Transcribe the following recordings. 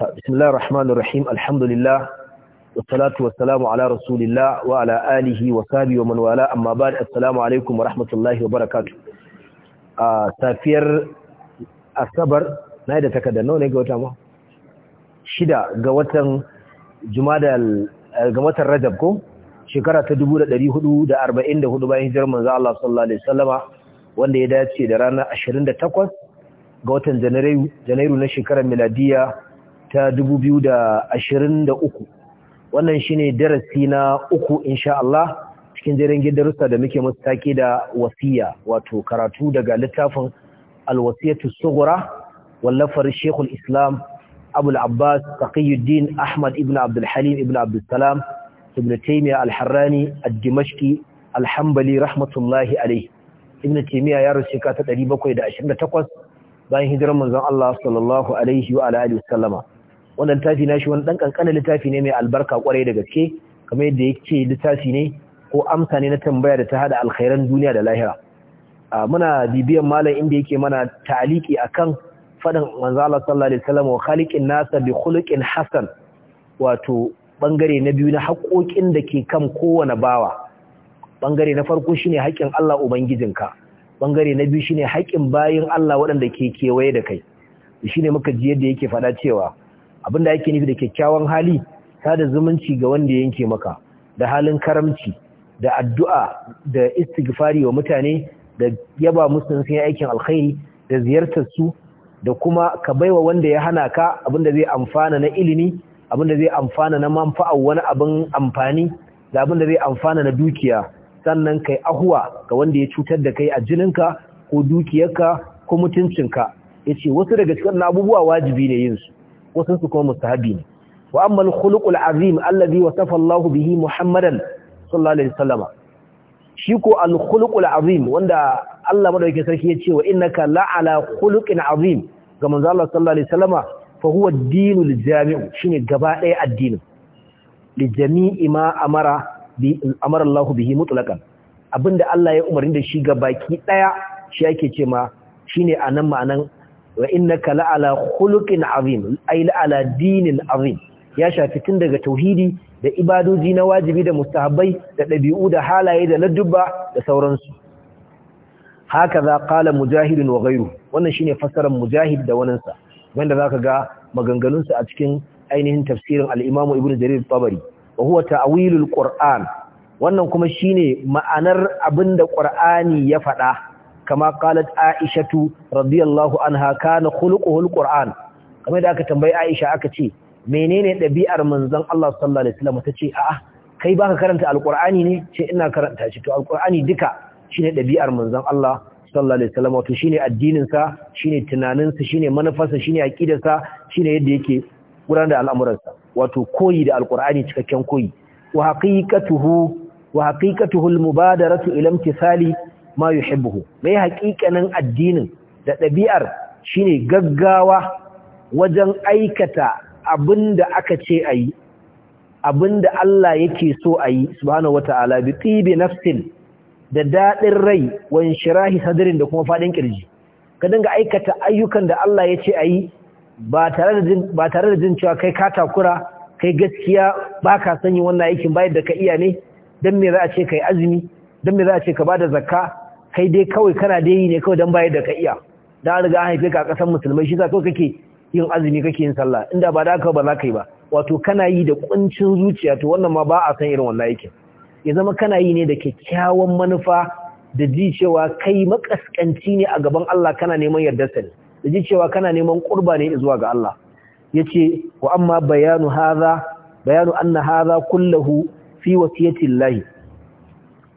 بسم الله الرحمن الرحيم الحمد لله والصلاة والسلام على رسول الله وعلى آله وصحبه ومن والاه أما بعد السلام عليكم ورحمة الله وبركاته safiyar asabar na yi da rajab ko shekara ta 1444 ya dace da ranar 28 ga watan janairu na shekarar miladiya ta 2023 wannan shine darasi na uku insha Allah cikin jerin darussa da muke musu take da wasiya wato karatu daga littafin alwasiyatu sughra wallafar Sheikhul Islam Abu al-Abbas Taqiyuddin Ahmad ibn Abdul Halim ibn Abdul Salam ibn Taymiyyah al-Harrani ad-Dimashqi al-Hanbali rahmatullahi alayhi ibn Taymiyyah ya rasu ka ta 728 bayan hijirar manzon Allah sallallahu alaihi wa alihi wasallama wannan tafi nashi wani dan kankanin litafi ne mai albarka kwarai da gaske kamar yadda yake littafi ne ko amsa ne na tambaya da ta hada alkhairan duniya da lahira muna bibiyan malam inda yake mana taliki akan fadan manzo Allah sallallahu alaihi wasallam wa khaliqin nasa bi khuluqin hasan wato bangare na biyu na haƙoƙin da ke kan kowane bawa bangare na farko shine haƙin Allah ubangijinka bangare na biyu shine haƙin bayin Allah waɗanda ke kewaye da kai shine muka ji yadda yake faɗa cewa abinda yake nufi da kyakkyawan hali sada zumunci ga wanda yanke maka da halin karamci da addu'a da istighfari wa mutane da yaba musu sun aikin alkhairi da ziyartar su da kuma ka baiwa wanda ya hana ka abinda zai amfana na ilimi abinda zai amfana na manfa'a wani abin amfani da abinda zai amfana na dukiya sannan kai ahuwa ga wanda ya cutar da kai a jininka ko dukiyarka ko mutuncinka yace wasu daga cikin abubuwa wajibi ne yin su wasu su kuma mustahabi ne wa amma al-khuluqul azim alladhi wasafa allahu bihi Muhammadan sallallahu alaihi wasallam shi ko al-khuluqul azim wanda Allah madaukakin sarki ya ce wa innaka la'ala khuluqin azim ga manzo Allah sallallahu alaihi wasallam fa huwa ad-dinul jami'u shine gaba ɗaya addinin li jami'i ma amara bi amara Allah bihi mutlaqan abinda Allah ya umarni da shi ga baki ɗaya shi yake ce ma shine anan ma'anan wa innaka la'ala khuluqin azim ay la'ala dinin azim ya shafi tun daga tauhidi da ibadoji na wajibi da mustahabbai da ɗabi'u da halaye da ladduba da sauransu hakaza qala mujahidin wa ghayru wannan shine fassarar mujahid da wannansa, wanda za ka ga maganganun a cikin ainihin tafsirin al-Imam Ibn Jarir Tabari wa huwa ta'wilul wannan kuma shine ma'anar abinda Qur'ani ya faɗa kama qalat aishatu radiyallahu anha kana khuluquhu alquran kamar da aka tambayi aisha aka ce menene dabi'ar manzon Allah sallallahu alaihi wasallam tace a'a kai baka karanta alqur'ani ne ce ina karanta shi to alqur'ani duka shine dabi'ar manzon Allah sallallahu alaihi wasallam wato shine addinin sa shine tunanin shine manufarsa shine aqidar shine yadda yake gudanar da al'amuran wato koyi da alqur'ani cikakken koyi wa haqiqatuhu wa haqiqatuhu almubadaratu ma yuhibbuhu mai haƙiƙanin addinin da ɗabi'ar shine gaggawa wajen aikata abin da aka ce ayi da Allah yake so ayi subhanahu wata'ala bi nafsin da daɗin rai wa shirahi sadarin, da kuma faɗin ƙirji. ka dinga aikata ayyukan da Allah ya ce ayi ba tare da jin ba tare da jin cewa kai ka takura kai gaskiya ba ka sanyi wannan aikin bayan da ka iya ne don me za a ce kai azumi don me za a ce ka ba da zakka kai dai kawai kana dai ne kawai don bayar da ka iya da riga haife ka a kasan musulmai shi sa ka kake yin azumi kake yin sallah inda ba da kawai ba za ka yi ba wato kana yi da kuncin zuciya to wannan ma ba a san irin wannan yake ya zama kana yi ne da kyakkyawan manufa da ji cewa kai makaskanci ne a gaban Allah kana neman yarda sa ne da ji cewa kana neman kurba ne zuwa ga Allah yace wa amma bayanu hadha bayanu anna hadha kulluhu fi wasiyati Allah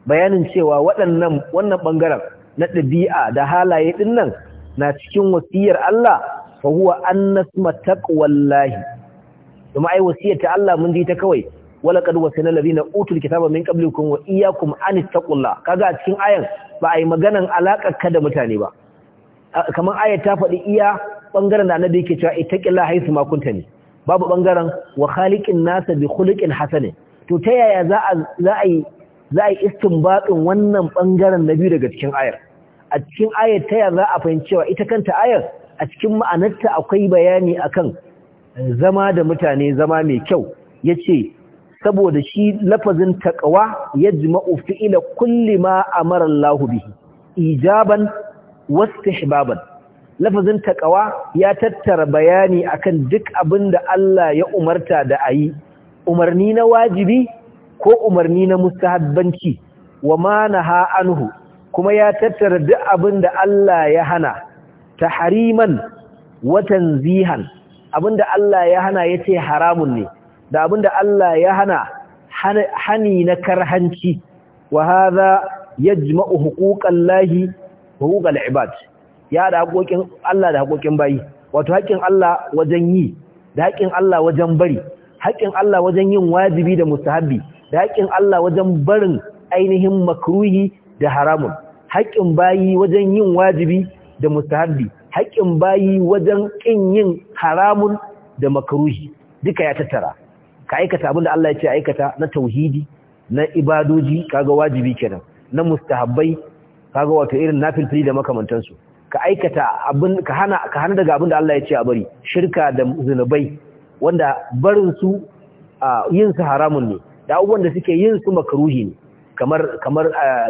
bayanin cewa waɗannan wannan bangaren na ɗabi'a da halaye ɗin nan na cikin wasiyar Allah fa huwa annasma taqwallahi kuma ai wasiyar ta Allah mun ji ta kawai wala qad wasana ladina utul kitaba min qablikum wa iyyakum an taqulla kaga cikin ayan ba ai maganan alakar ka da mutane ba kamar ayat ta faɗi iya bangaren da annabi yake cewa ittaqillaha haythu ma kunta ne babu bangaren wa khaliqin nasa bi khuluqin hasani to ta yaya za a za a za a yi istinbaɗin wannan ɓangaren na biyu daga cikin ayar a cikin ayar ta yaya za a fahimci cewa ita kanta ayar a cikin ma'anarta akwai bayani akan zama da mutane zama mai kyau ya ce saboda shi lafazin taƙawa ya ji ma'ufi ila kulli ma amara Allahu bihi ijaban wastihbaban lafazin taƙawa ya tattara bayani akan duk abin da Allah ya umarta da a yi umarni na wajibi ko umarni na mustahabbanci wa ma naha anhu kuma ya tattara duk abinda Allah ya hana tahriman wa tanzihan abinda Allah ya hana yace haramun ne da abinda Allah ya hana hani na karhanci wa hadha yajma'u huquqallahi huquqal ibad ya da hakokin Allah da hakokin bayi wato hakkin Allah wajen yi da hakkin Allah wajen bari hakkin Allah wajen yin wajibi da mustahabi da Allah wajen barin ainihin makruhi da haramun haƙƙin bayi wajen yin wajibi da mustahabbi haƙƙin bayi wajen ƙin yin haramun da makruhi duka ya tattara ka aikata abin Allah ya ce aikata na tauhidi na ibadoji kaga wajibi kenan na mustahabbai kaga wato irin nafilfili da makamantansu ka aikata abin ka hana ka hana daga abin da Allah ya ce a bari shirka da zinubai wanda barin su yin su haramun ne da abubuwan da suke yin su makaruhi ne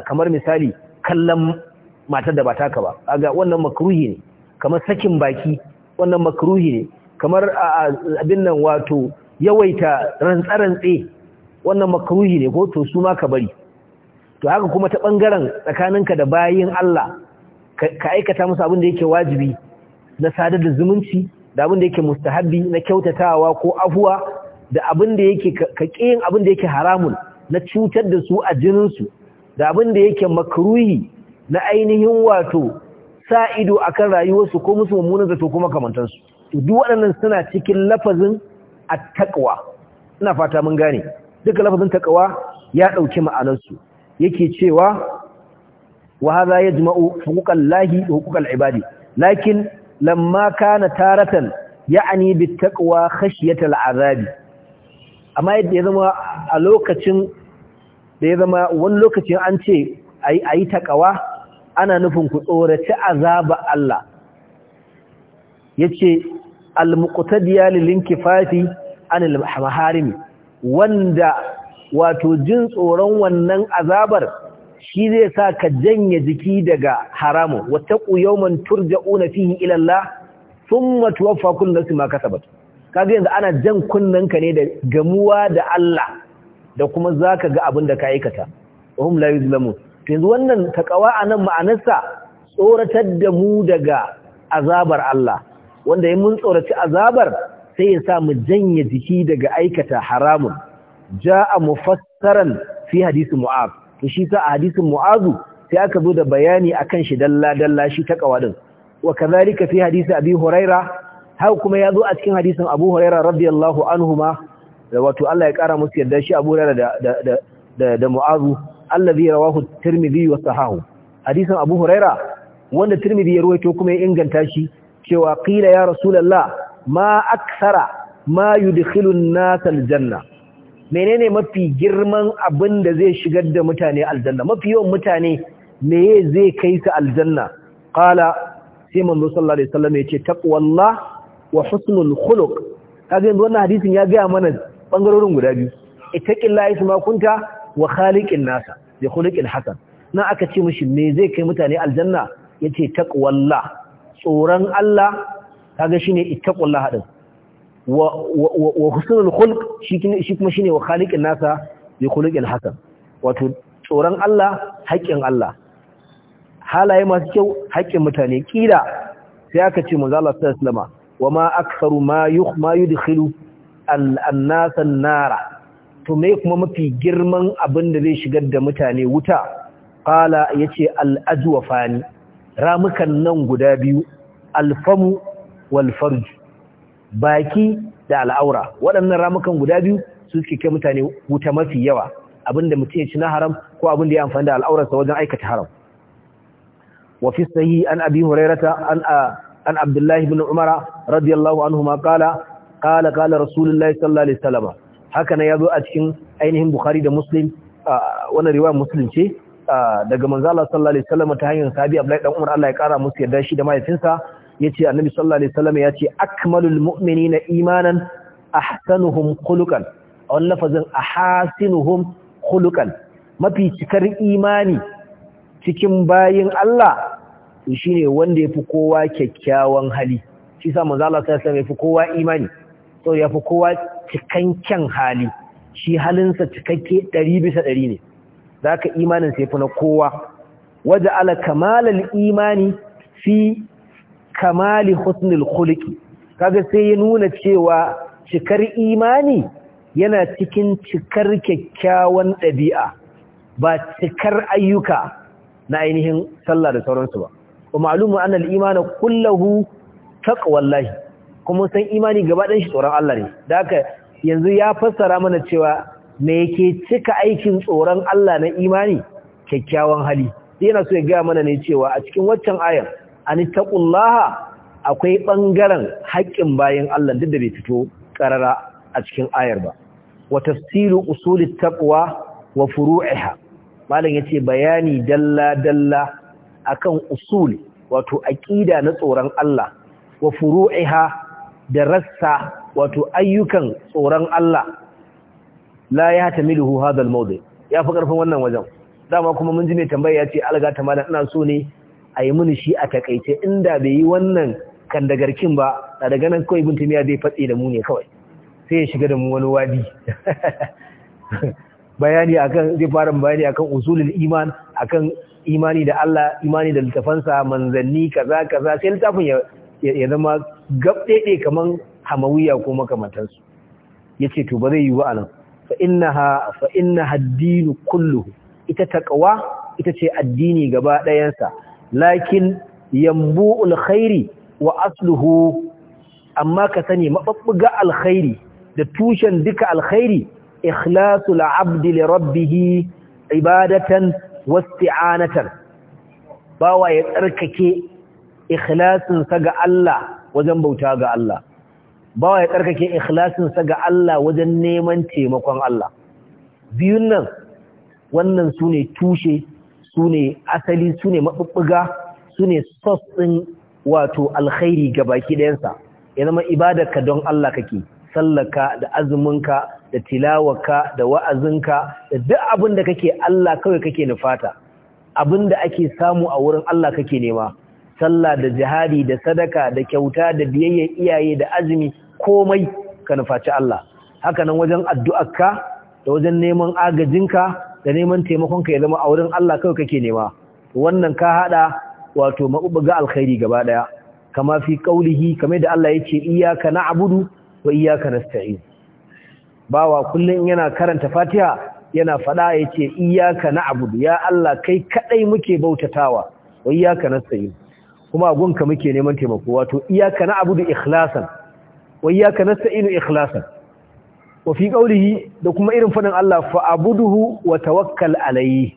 kamar misali kallon matar da ba taka ba kaga wannan makaruhi ne kamar sakin baki wannan makaruhi ne kamar abin nan wato yawaita rantsarantse wannan makaruhi ne ko to su ma ka bari to haka kuma ta bangaren tsakaninka da bayin Allah ka aikata musu abin da yake wajibi na sadar da zumunci da abin da yake mustahabbi na kyautatawa ko afuwa da abin da yake ka abin da yake haramun na cutar da su a jininsu da abin da yake makruhi na ainihin wato sa ido akan rayuwarsu ko musu mummunan zato kuma kamantansu duk waɗannan suna cikin lafazin at-taqwa ina fata mun gane duka lafazin taqwa ya dauki ma'anarsu yake cewa wa ya yajma'u huquqal lahi wa huquqal ibadi lakin lamma kana taratan ya'ani bit taqwa khashyata azabi amma yadda ya zama a lokacin da ya zama wani lokacin an ce a yi taƙawa ana nufin ku tsoraci azaba Allah ya ce almukutadiya lilinki fafi an ilmaharimi wanda wato jin tsoron wannan azabar shi zai sa ka janye jiki daga haramun wata ƙuyauman turja'una fihi ilallah sun matuwa fakul nasu ma batu. kaga yanzu ana jan ka ne da gamuwa da Allah da kuma zaka ga abin da ka aikata hum la yuzlamu yanzu wannan takawa nan ma'anarsa tsoratar da mu daga azabar Allah wanda yi mun tsoraci azabar sai ya sa mu janye jiki daga aikata haramun ja'a mufassaran fi hadisi mu'az to shi ta a hadisin mu'azu sai aka zo da bayani akan shi dalla dalla shi takawa din wa kadhalika fi hadisi abi huraira haka kuma ya zo a cikin hadisin Abu huraira radiyallahu anhuma da wato Allah ya kara musu yarda shi Abu Hurairah da da da da Mu'adh allazi rawahu Tirmidhi wa sahahu hadisin Abu huraira wanda Tirmidhi ya ruwaito kuma ya inganta shi cewa qila ya rasulullah ma aksara ma yudkhilu an-nas al-janna menene mafi girman abin da zai shigar da mutane aljanna mafi yawan mutane meye zai kai su aljanna qala sai manzo sallallahu alaihi wasallam yace taqwallah wa husnul khuluq kaga yanzu wannan hadisin ya gaya mana bangarorin guda biyu ittaqillahi kuma kunta wa khaliqin nasa bi khuluqin hasan na aka ce mushi me zai kai mutane aljanna yace taqwallah tsoron Allah kage shine itaqullah hadin wa wa husnul khuluq shi kuma shine wa khaliqin nasa bi khuluqin hasan wato tsoron Allah haƙƙin Allah halaye masu kyau haƙƙin mutane ƙila sai aka ce manzo Allah sallallahu alaihi wa ma aksaru ma yudkhilu an-nas an-nara to me kuma mafi girman abin da zai shigar da mutane wuta qala yace al-ajwafani ramukan nan guda biyu al-famu baki da al'aura waɗannan ramukan guda biyu su suke kai mutane wuta mafi yawa da mutum ya ci na haram ko abin da ya amfani da al'aurarsa wajen aikata haram sahi an abi hurairata an a an abdullahi bin umara radiyallahu anhu ma kala kala kala rasulullahi sallallahu alaihi wasallam haka a cikin ainihin bukhari da muslim wannan riwaya muslim ce daga manzo Allah sallallahu alaihi wasallam ta hanyar sabi abdullahi dan umar Allah ya kara musu yarda shi da mahaifinsa yace annabi sallallahu alaihi wasallam yace akmalul mu'minina imanan ahsanuhum khuluqan a wannan lafazin ahasinuhum khuluqan mafi cikar imani cikin bayin Allah to shine wanda yafi kowa kyakkyawan hali shi sa manzo Allah sallallahu alaihi wasallam kowa imani to yafi kowa cikakken hali shi halinsa cikakke 100 bisa ɗari ne zaka imanin sa yafi na kowa waja ala kamalal imani fi kamali husnul khuluqi kaga sai ya nuna cewa cikar imani yana cikin cikar kyakkyawan ɗabi'a ba cikar ayyuka na ainihin sallah da sauransu ba wa ma'lumun anna al-imana kulluhu taqwallahi kuma san imani gaba ɗanshi shi tsoron Allah ne da haka yanzu ya fassara mana cewa me yake cika aikin tsoron Allah na imani kyakkyawan hali yana so ya ga mana ne cewa a cikin waccan ayar ani taqullaha akwai bangaren haƙƙin bayan Allah duk da bai fito ƙarara a cikin ayar ba wa tafsiru usulit taqwa wa furu'iha malam yace bayani dalla dalla akan usul wato aqida na tsoron Allah wa furu'iha da rassa wato ayyukan tsoron Allah la ya tamiluhu hada al ya fi karfin wannan wajen dama kuma mun ji mai tambaya yace alga ta malam ina so ne a yi mini shi a takaice inda bai yi wannan kan da garkin ba da daga nan kawai ibn miya zai fatsi da mu ne kawai sai ya shiga da mu wani wadi bayani akan zai fara bayani akan usulul iman akan imani da Allah imani da littafansa manzanni kaza kaza sai littafin ya zama gabdede kaman hamawiya ko makamantansu yace to ba zai yi ba anan fa innaha fa innaha ita ita ce addini gaba ɗayansa lakin yambu'ul khairi wa asluhu amma ka sani maɓaɓɓuga alkhairi da tushen duka alkhairi ikhlasul abdi li rabbihi ibadatan wasti'anatan bawa ya tsarkake ikhlasinsa ga Allah wajen bauta ga Allah bawa ya tsarkake ikhlasinsa ga Allah wajen neman taimakon Allah biyun nan wannan su ne tushe su ne asali su ne maɓuɓɓuga su ne wato alkhairi ga baki ɗayansa ya zama ibadarka don Allah kake sallaka da azuminka da tilawaka da wa'azinka da duk abin da kake Allah kawai kake nufata abin da ake samu a wurin Allah kake nema sallah da jihadi da sadaka da kyauta da biyayyar iyaye da azumi komai ka nufaci Allah hakanan wajen addu'arka da wajen neman agajinka da neman taimakonka ya zama a wurin Allah kawai kake nema wannan ka haɗa wato maɓuɓɓuga alkhairi gaba ɗaya, kama fi ƙaulihi, kamar da Allah ya ce yake na abudu. wa iyyaka nasta'in bawa kullun yana karanta Fatiha yana fada yace iyyaka na'budu ya Allah kai kadai muke bautatawa wa iyyaka nasta'in kuma gunka muke neman taimako wato iyyaka na'budu ikhlasan wa iyaka nasta'in ikhlasan wa fi qawlihi da kuma irin fadin Allah fa wa tawakkal alayhi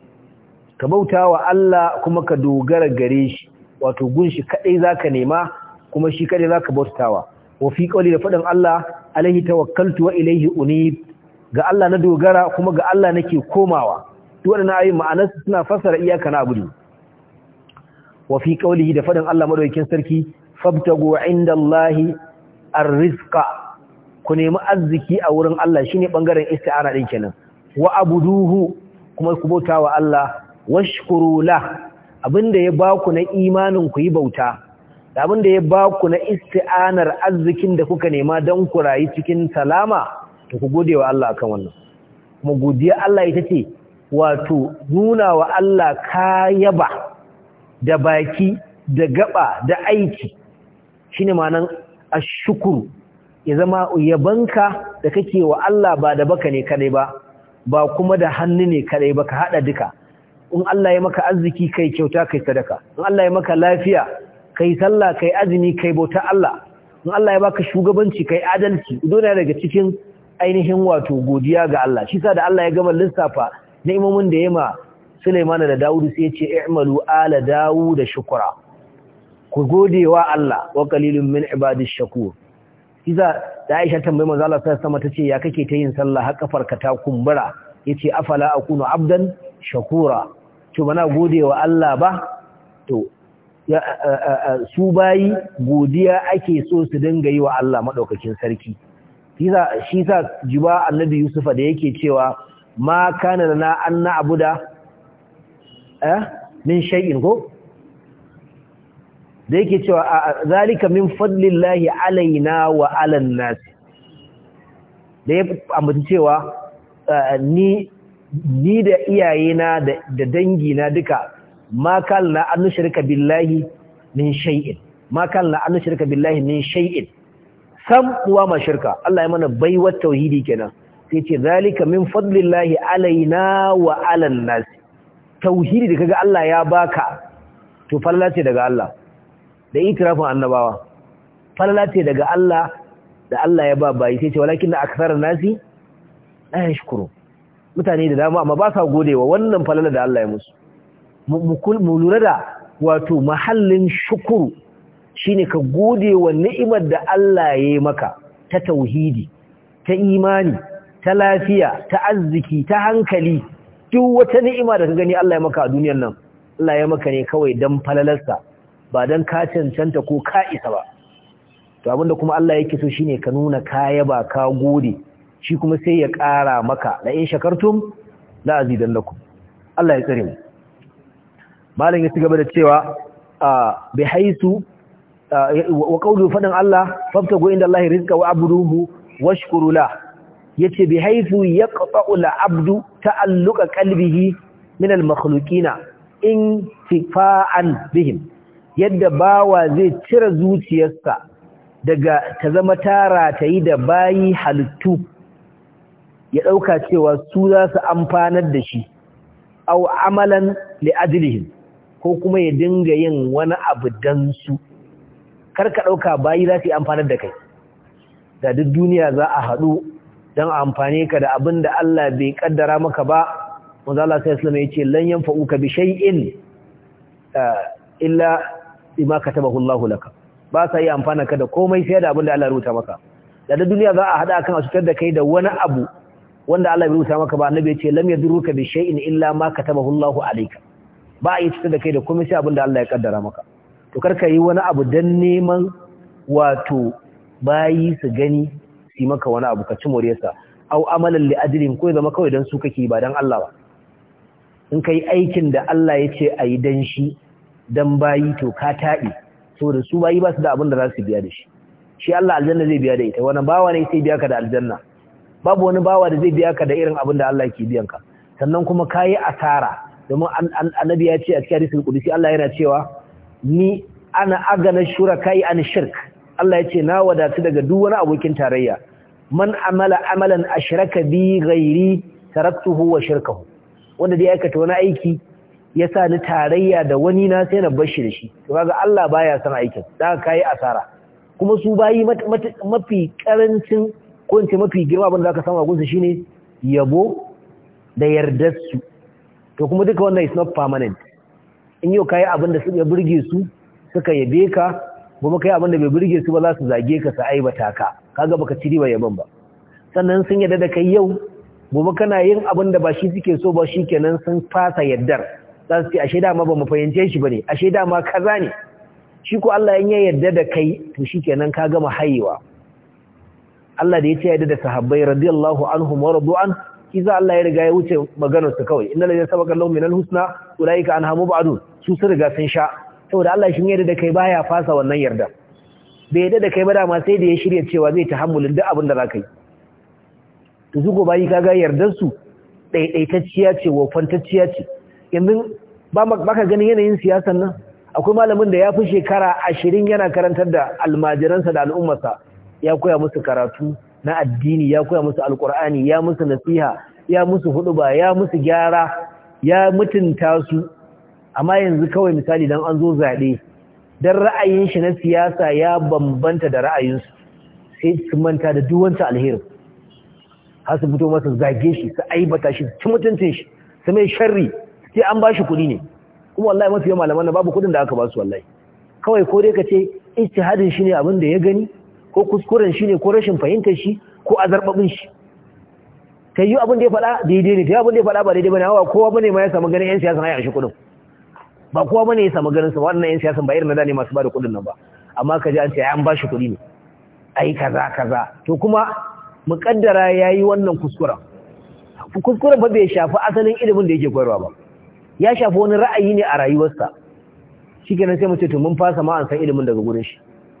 ka bautawa Allah kuma ka dogara gare shi wato gunshi kadai zaka nema kuma shi kadai zaka bautawa wa fi qawli da faɗin Allah alaihi tawakkaltu wa ilaihi unib ga Allah na dogara kuma ga Allah nake komawa duk wannan ayoyin ma'anar suna fassara iyaka na abudu wa fi qawlihi da faɗin Allah madaukin sarki fabtagu indallahi arrizqa ku nemi arziki a wurin Allah shine bangaren isti'ara din kenan wa abuduhu kuma ku bauta wa Allah washkuru lah abinda ya baku na imanin ku yi bauta da abin da ya ba ku na isti'anar arzikin da kuka nema don ku rayu cikin salama to ku gode wa Allah kan wannan kuma godiya Allah ita ce wato nuna wa Allah kayaba da baki da gaba da aiki shine nan ashukur ya zama yabanka da kake wa Allah ba da baka ne kadai ba ba kuma da hannu ne kadai ba ka hada duka in Allah ya maka arziki kai kyauta kai sadaka in Allah ya maka lafiya kai sallah kai azumi kai bauta Allah in Allah ya baka shugabanci kai adalci dole daga cikin ainihin wato godiya ga Allah shi sa da Allah ya gama lissafa na imamin da yema Sulaiman da Dawud sai ya ce i'malu ala Dawud shukra ku godewa Allah wa qalilun min ibadish shakur iza da Aisha tambaye manzo Allah sai sama tace ya kake ta yin sallah har kafarka ta kumbura yace afala akunu abdan shakura to bana wa Allah ba to su bayi godiya ake so su dinga yi wa Allah maɗaukakin sarki shi sa jiba annabi yusufa da yake cewa ma kana na an na abu da eh, min shay'in ko da yake cewa zalika min fadlillahi alaina wa alan nas da ya ambaci cewa ni ni da iyayena da dangina duka ma kalna an nushrika billahi min shay'in ma kalna an nushrika billahi min shay'in sam kuwa ma shirka Allah ya mana baiwar tauhidi kenan sai ce zalika min fadlillahi alaina wa alan nas tauhidi da kaga Allah ya baka to falala ce daga Allah da itirafin annabawa falala ce daga Allah da Allah ya ba bayi sai ce walakin akthar nasi la yashkuru mutane da dama amma ba sa godewa wannan falala da Allah ya musu mu lura da wato mahallin shukuru shine ka gode wa ni'imar da Allah ya yi maka ta tauhidi ta imani ta lafiya ta arziki ta hankali duk wata ni'ima da ka gani Allah ya maka a duniyar nan Allah ya maka ne kawai dan falalarsa ba dan ka cancanta ko ka isa ba to abinda kuma Allah yake so shine ka nuna kaya ba ka gode shi kuma sai ya ƙara maka la in shakartum la azidannakum Allah ya tsare mu malam ya cigaba da cewa bi haisu wa qawlu fadan Allah fabtagu inda Allah rizqa wa abduhu washkuru la yace bi haisu ya la abdu ta'alluqa qalbihi min al makhluqina in tifa'an bihim yadda bawa zai cire zuciyarsa daga ta zama tara ta yi da bayi halittu ya ɗauka cewa su za su amfanar da shi au amalan li'adilihim ko kuma ya dinga yin wani abu don su kar ka ɗauka bayi za su yi amfanar da kai da duk duniya za a haɗu don amfani ka da abin da Allah bai ƙaddara maka ba wanzu Allah sai islam ya ce lanyan fa'uka bi shay'in eh, illa ka katabahu Allah laka ba sa yi amfani ka da komai sai da abin da Allah rubuta maka da duk duniya za a haɗa kan a cutar da kai da wani abu wanda Allah bai rubuta maka ba annabi ya ce lam yadurruka bi shay'in illa ma ka taba Allah alaika. ba a yi cikin da kai da kuma sai abin da Allah ya kaddara maka to karka yi wani abu dan neman wato bayi su gani su maka wani abu ka ci moriyarsa au amalan li ajrin ko zama kawai dan su kake ba dan Allah ba in kai aikin da Allah ya ce ayi dan shi dan bayi to ka taɗi saboda su bayi ba su da abin da za su biya da shi shi Allah aljanna zai biya da ita wani bawa ne sai biya ka da aljanna babu wani bawa da zai biya ka da irin abin da Allah ke biyan ka sannan kuma kayi asara domin annabi ya ce a cikin hadisul qudusi Allah yana cewa ni ana agana shuraka'i an shirk Allah ya ce na wadatu daga duk wani abokin tarayya man amala amalan ashraka bi ghairi taraktuhu wa shirkahu wanda dai aikata wani aiki ya sa ni tarayya da wani na sai na bar shi da shi to kaga Allah baya san aikin da ka asara kuma su bayi mafi karancin ko mafi girma abin da aka samu a gunsa shine yabo da yardarsu. to kuma duka wannan is not permanent in yau kayi abin da suka burge su suka yabe ka kuma kai abin da bai burge su ba za su zage ka su aibata ka kaga baka ci riba yaban ba sannan sun yadda da kai yau gobe kana yin abin da ba shi suke so ba shikenan sun fasa yaddar za su ce ashe dama ba mu fahimce shi bane ashe dama kaza ne shi ko Allah in ya yadda da kai to shikenan ka gama hayewa Allah da ya ce ya yarda da sahabbai radiyallahu anhum wa radu an kiza Allah ya riga ya wuce maganar su kawai na ladina sabaqa lahum minal husna ulaika anhamu ba'du su su riga sun sha saboda Allah shin yarda da kai baya fasa wannan yarda bai yarda da kai ba dama sai da ya shirya cewa zai tahammulin duk abin da za ka yi to su gobayi kaga yardar su daidaitacciya ce fantacciya ce yanzu ba baka ganin yanayin siyasar nan akwai malamin da ya fi shekara ashirin yana karantar da almajiransa da al'ummarsa ya koya musu karatu na addini ya koya musu alkur'ani ya musu nasiha ya musu huduba ya musu gyara ya mutunta su amma yanzu kawai misali dan an zo zaɓe dan ra'ayin shi na siyasa ya bambanta da ra'ayinsu sai su manta da duk wancan alheri har su fito masa zage shi su aibata shi su mutuncin shi su mai sharri sai an ba shi kuɗi ne kuma wallahi mafi yawan malaman babu kuɗin da aka ba su wallahi kawai ko dai ka ce ijtihadin shi ne abin da ya gani ko kuskuren shi ne ko rashin fahimtar shi ko a zarɓaɓin shi kai yi abin da ya faɗa daidai ne ta abin da ya faɗa ba daidai ba ne hawa kowa bane ma ya samu ganin yan siyasa na yashi kuɗin ba kowa bane ya samu ganin sa wannan yan siyasan ba irin na da ne masu ba da kuɗin nan ba amma ka ji an ce an ba shi kuɗi ne ai kaza kaza to kuma muƙaddara ya yi wannan kuskuren kuskuren ba bai shafi asalin ilimin da yake koyarwa ba ya shafi wani ra'ayi ne a rayuwarsa shi kenan sai mu ce to mun fasa ma an san ilimin daga gurin shi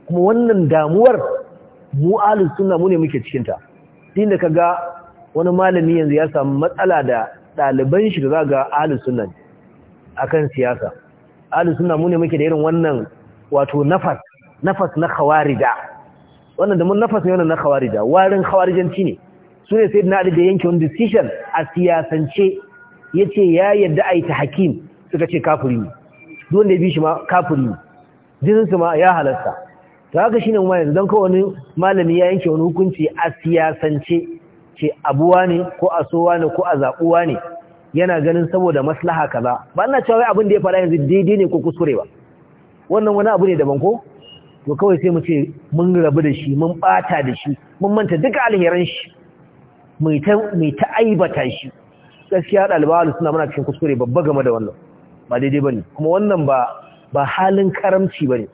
kuma wannan damuwar mu ahlus suna mu ne muke cikinta. inda inda kaga wani malami yanzu ya samu matsala da ɗaliban shi da zaga suna a akan siyasa ahlus suna mu ne muke da irin wannan wato nafas nafas na khawarija wannan da mun nafas ne wannan na khawarija warin khawarijanci ne su ne sai na da yanke wani decision a siyasance ya ce ya yadda a yi ta hakim suka ce kafuri ne duwanda ya bi shi ma kafiri ne ma ya halarta to haka shine kuma yanzu don kawai wani malami ya yanke wani hukunci a siyasance ce abuwa ne ko a sowa ne ko a zaɓuwa ne yana ganin saboda maslaha kaza ba ina cewa abin da ya faɗa yanzu daidai ne ko kuskure ba wannan wani abu ne daban ko to kawai sai mu ce mun rabu da shi mun ɓata da shi mun manta duka alheran shi mai ta aibata shi gaskiya ɗalibawa suna muna cikin kuskure babba game da wannan ba daidai ba kuma wannan ba ba halin karamci bane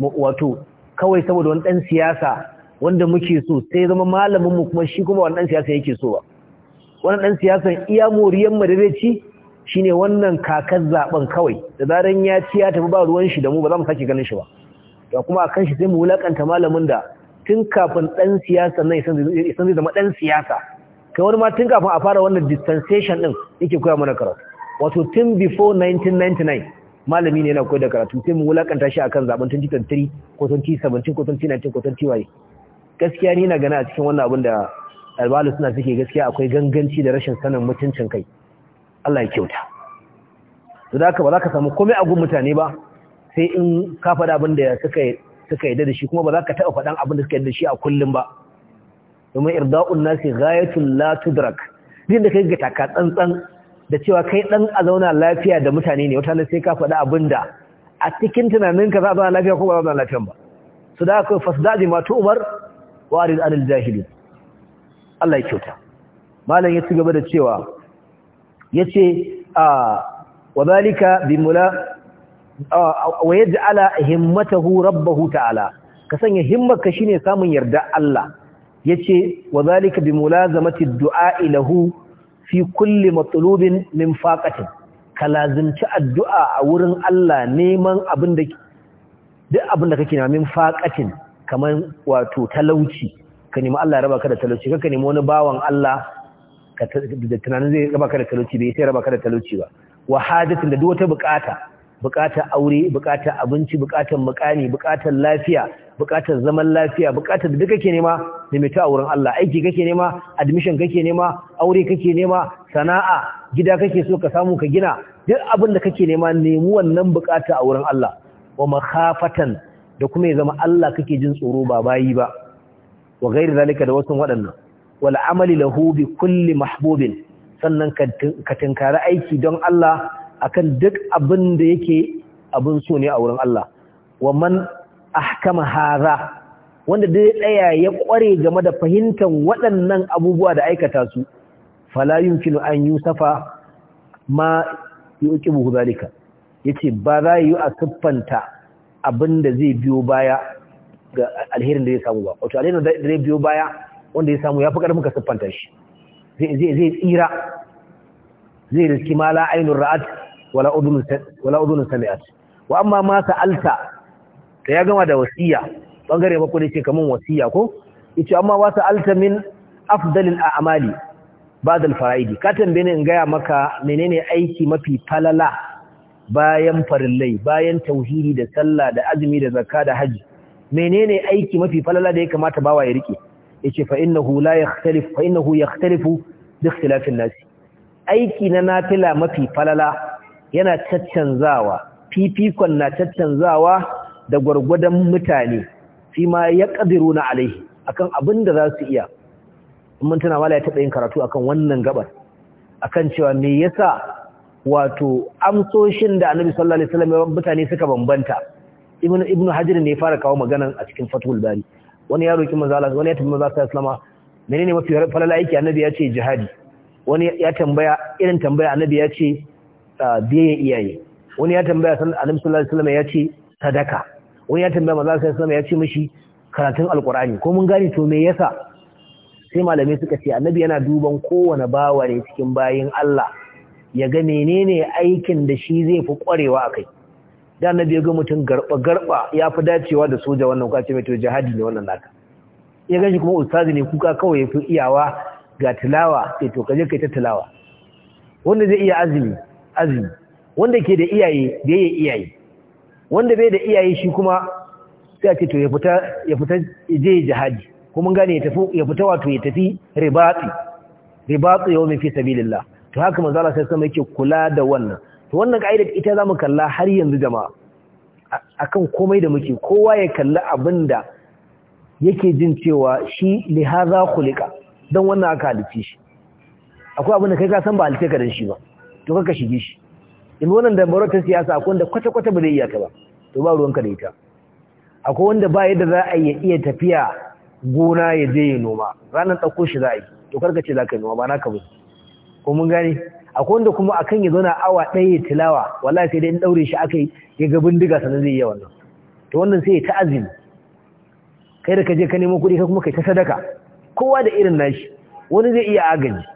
wato kawai saboda wani ɗan siyasa wanda muke so sai zama malamin mu kuma shi kuma wani ɗan siyasa yake so ba wani ɗan siyasan iya moriyan shi shine wannan kakar zaben kawai da zaran ya ci ya tafi ba ruwan shi da mu ba za mu sake ganin shi ba da kuma akan shi sai mu wulakanta malamin da tun kafin ɗan siyasa nan isan zai zama ɗan siyasa kai wani ma tun kafin a fara wannan dispensation din yake koya mana karatu wato tun before 1999 malami ne yana koyar da karatu sai mu wulakanta shi akan zaben 2023 ko 2017 ko 2019 ko 2020 gaskiya ni na gana a cikin wannan abin da albalu suna suke gaskiya akwai ganganci da rashin sanin mutuncin kai Allah ya kyauta to da ba za ka samu komai a gun mutane ba sai in ka faɗa abin da suka suka yadda da shi kuma ba za ka taɓa faɗan abin da suka yadda da shi a kullum ba domin irda'un nasi ghayatul la tudrak din da kai ga taka tsantsan da cewa kai dan a zauna lafiya da mutane ne wata sai ka faɗi abin da a cikin tunaninka za a zauna lafiya ko ba za a zauna lafiyan ba su da aka fasdadi ma tu'mar wa arid anil jahili Allah ya kyauta malam ya ci gaba da cewa ya ce, a wadalika mula wa yaj'ala himmatahu rabbahu ta'ala ka sanya ka shine samun yarda Allah yace zama bimulazamati du'a ilahu fi kulli matsalubin min faƙatin ka lazimci addu'a a wurin Allah neman abin da duk abin kake na min faƙatin kamar wato talauci ka nemi Allah raba ka da talauci ka nemi wani bawan Allah da tunanin zai raba ka da talauci bai sai raba ka da talauci ba wa hajjatin da duk wata bukata bukatar aure bukatar abinci bukatar mukami bukatar lafiya bukatar zaman lafiya bukatar da kake nema limita a wurin Allah aiki kake nema admission kake nema aure kake nema sana'a gida kake so ka samu ka gina duk abin da kake nema nemi wannan bukata a wurin Allah wa makhafatan da kuma ya zama Allah kake jin tsoro ba bayi ba wa ghairi zalika da wasu waɗannan wal amali lahu bi kulli mahbubin sannan ka tinkari aiki don Allah akan duk abin da yake abin so ne a wurin Allah wa man ahkama hadha wanda dai daya ya kware game da fahimtar waɗannan abubuwa da aikata su fala yumkinu an yusafa ma yuqibu zalika yace ba za yi a siffanta abin da zai biyo baya ga alherin da zai samu ba wato alherin da zai biyo baya wanda ya samu yafi karfin ka siffanta shi zai zai tsira zai riski mala ainur ra'at wala udhun sami'at wa amma ma sa'alta ya gama da wasiya bangare ba ko dace kaman wasiya ko yace amma wa sa'alta min afdalil a'mali ba'da al-fara'idi ka tambaye ni in gaya maka menene aiki mafi falala bayan farillai bayan tauhidi da sallah da azumi da zakka da haji menene aiki mafi falala da ya kamata bawa ya rike yace fa innahu la yakhtalif fa innahu yakhtalifu bi ikhtilafin nasi. aiki na nafila mafi falala yana caccanzawa fifikon na caccanzawa da gwargwadon mutane fi ma ya ƙadiru na alaihi akan abin da za su iya mun tana mala ya taɓa yin karatu akan wannan gabar akan cewa me yasa wato amsoshin da annabi sallallahu alaihi wasallam mutane suka bambanta ibnu ibnu hajar ne ya fara kawo maganan a cikin fathul bari wani ya roki manzo Allah wani ya tafi manzo sallallahu alaihi menene mafi falala yake annabi ya ce jihadi wani ya tambaya irin tambaya annabi ya ce biyayya iyaye wani ya tambaya san annabi sallallahu alaihi wasallam ya ce sadaka wani ya tambaya manzo sallallahu alaihi ya ce mishi karatun alqur'ani ko mun gane to me yasa sai malamai suka ce annabi yana duban kowane bawa ne cikin bayin Allah ya ga menene aikin da shi zai fi kwarewa akai da annabi ya ga mutum garba garba ya fi dacewa da soja wannan kace mai to jihadi ne wannan naka ya gashi kuma ustazi ne kuka kawai ya fi iyawa ga tilawa sai to kaje kai ta tilawa wanda zai iya azumi azumi wanda ke da iyaye da yayi iyaye wanda bai da iyaye shi kuma sai ce to ya fita ya fita je jihadi kuma gane ya tafi ya fita wato ya tafi ribati ribati yawmi fi sabilillah to haka manzo Allah sai sama yake kula da wannan to wannan kaida ita zamu kalla har yanzu jama'a akan komai da muke kowa ya kalli abinda yake jin cewa shi lihaza khuliqa dan wannan aka halice shi akwai abin da kai ka san ba halice ka dan shi ba to kaka shige shi in wannan dambarar ta siyasa akwai wanda kwata-kwata ba zai iya ta ba to ba ruwanka da ita akwai wanda ba yadda za a iya tafiya gona ya je ya noma ranar ɗauko shi za a yi to karka ce za ka noma ba na ka bane ko mun gane akwai wanda kuma akan ya zauna awa ɗaya ya tilawa wallahi sai dai in ɗaure shi aka yi ya ga bindiga sannan zai iya wannan to wannan sai ya ta azumi kai da ka je ka nemo kuɗi ka kuma kai ta sadaka kowa da irin nashi wani zai iya agaji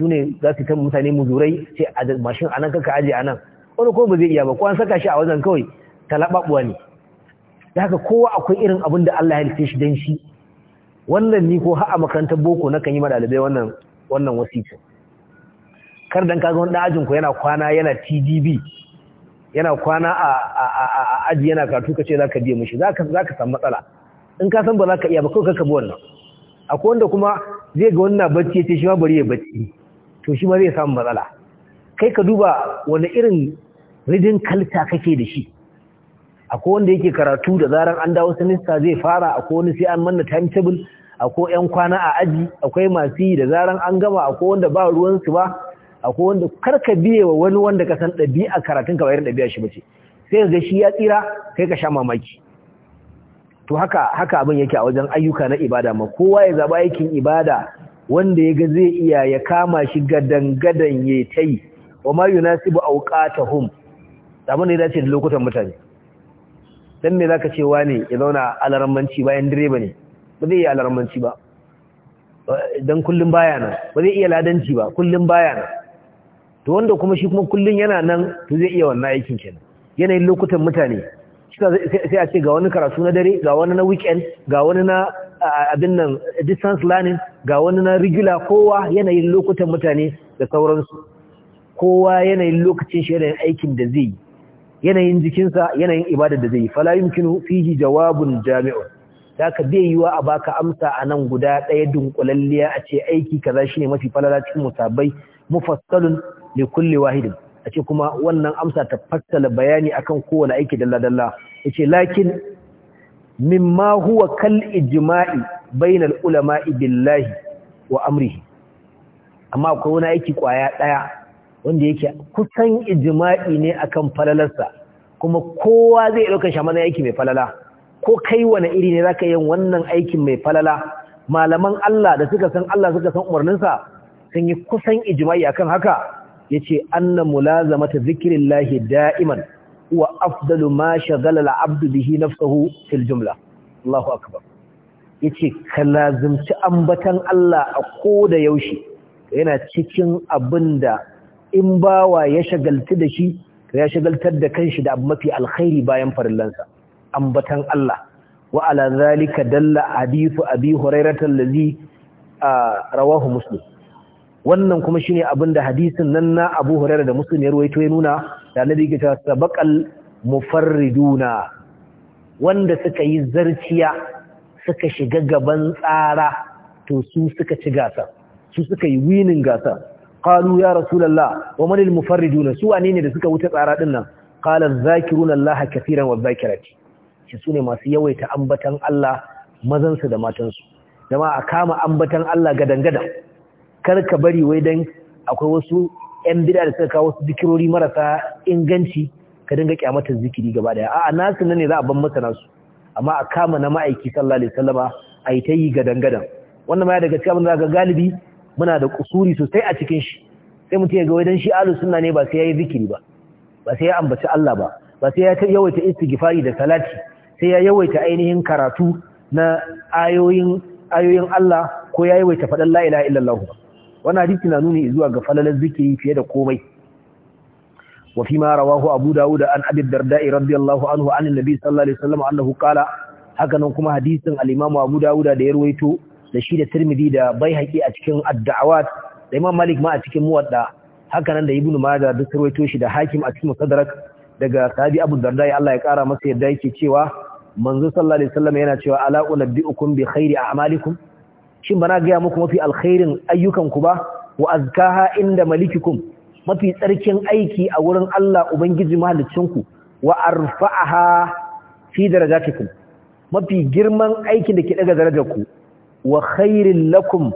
su ne za su ta mutane muzurai ce a da mashin a nan kaka aji a nan wani kuma ba zai iya ba ko an saka shi a wajen kawai talababuwa ne da haka kowa akwai irin abin da Allah ya halitta shi don shi wannan ni ko ha'a makarantar boko na kan yi madalibai wannan wannan wasiƙa kar dan kaga wani ajin ku yana kwana yana TDB yana kwana a a a aji yana karatu kace zaka biye mishi zaka zaka samu matsala in ka san ba zaka iya ba kawai kaka bi wannan akwai wanda kuma zai ga wannan bacci ya ce shi ma bari ya bacci to shi ma zai samu matsala kai ka duba wani irin ridin kalta kake da shi akwai wanda yake karatu da zaran an dawo sinista zai fara akwai wani sai an manna timetable akwai yan kwana a aji akwai masu yi da zaran an gama akwai wanda ba ruwan su ba akwai wanda karka biye wa wani wanda ka san ɗabi'a karatun ka bayan ɗabi'a shi bace sai ga shi ya tsira kai ka sha mamaki to haka haka abin yake a wajen ayyuka na ibada ma kowa ya zaba aikin ibada wanda ya ga zai iya ya kama shi gadan-gadan ya ta yi wa ma yunasibu auqatahum abin da ya dace da lokutan mutane dan me zaka ce wani ya zauna alarmanci bayan direba ne ba zai iya alarmanci ba dan kullun baya nan ba zai iya ladanci ba kullun baya nan to wanda kuma shi kuma kullun yana nan to zai iya wannan aikin kenan yanayin lokutan mutane sai a ce ga wani karatu na dare ga wani na weekend ga wani na abin nan distance learning ga wani na regular kowa yanayin lokutan mutane da sauransu kowa yanayin lokacin shi yanayin aikin da zai yi yanayin jikinsa yanayin ibada da zai yi fala yumkinu fihi jawabun jami'un ka bai yiwa a baka amsa a nan guda ɗaya dunkulalliya a ce aiki kaza shine mafi falala cikin musabbai mufassalun li kulli wahidin a ce kuma wannan amsa ta fassala bayani akan kowane aiki dalla-dalla ya ce lakin mimma huwa kal ijma'i bainal ulama billahi wa amrihi amma akwai wani aiki kwaya daya wanda yake kusan ijma'i ne akan falalarsa kuma kowa zai dauka shi mana aiki mai falala ko kai wani iri ne zaka yin wannan aikin mai falala malaman Allah da suka san Allah suka san umarninsa sun yi kusan ijma'i akan haka yace anna mulazamata lahi da'iman huwa afdalu ma shagala al-abdu bihi nafsuhu fil jumla Allahu akbar yace ka lazimci ambatan Allah a koda yaushe yana cikin abinda in bawa ya shagaltu da shi ya shagaltar da kanshi da abu mafi alkhairi bayan farillansa ambatan Allah wa ala zalika dalla hadithu abi Lazi a ah, rawahu muslim wannan kuma shine abin da hadisin nan na Abu Hurairah da Muslim ya ruwaito ya nuna da na ya ce mufarriduna wanda suka yi zarciya suka shiga gaban tsara to su suka ci gasa su suka yi winin gasa qalu ya rasulullah wa man mufarriduna su wane ne da suka wuce tsara din nan qala zakiruna allaha kafiran wa zakirati shi ne masu yawaita ambatan Allah mazansu da matansu jama'a kama ambatan Allah gadan gadan kar ka bari wai dan akwai wasu yan bid'a da suka kawo wasu zikirori marasa inganci ka dinga kyamatar zikiri gaba daya a'a nasu ne za a ban masa nasu amma a kama na ma'aiki sallallahu alaihi wasallama a yi ta yi gadan wannan ma daga cikin abin da galibi muna da kusuri sosai a cikin shi sai mutum ya ga wai dan shi alu sunna ne ba sai yayi zikiri ba ba sai ya ambaci Allah ba ba sai ya yawaita istighfari da salati sai ya yawaita ainihin karatu na ayoyin ayoyin Allah ko ya yawaita faɗan la ilaha illallah wannan hadisi na nuni zuwa ga falalar zikiri fiye da komai wa fi ma rawahu abu dawud an abi darda'i radiyallahu anhu an annabi sallallahu alaihi wasallam annahu qala haka nan kuma hadisin al-imam abu dawud da ya ruwaito da shi da tirmidhi da baihaqi a cikin ad-da'awat da imam malik ma a cikin muwadda haka nan da ibnu da duk ruwaito shi da hakim a cikin musaddarak daga sahabi abu darda'i Allah ya kara masa yadda yake cewa manzo sallallahu alaihi wasallam yana cewa ala unabbiukum bi khairi a'malikum shin bana gaya muku mafi alkhairin ayyukanku ba wa azkaha inda malikikum mafi tsarkin aiki a wurin Allah ubangiji ku wa arfa'aha fi darajatikum mafi girman aikin da ke daga ku, wa khairin lakum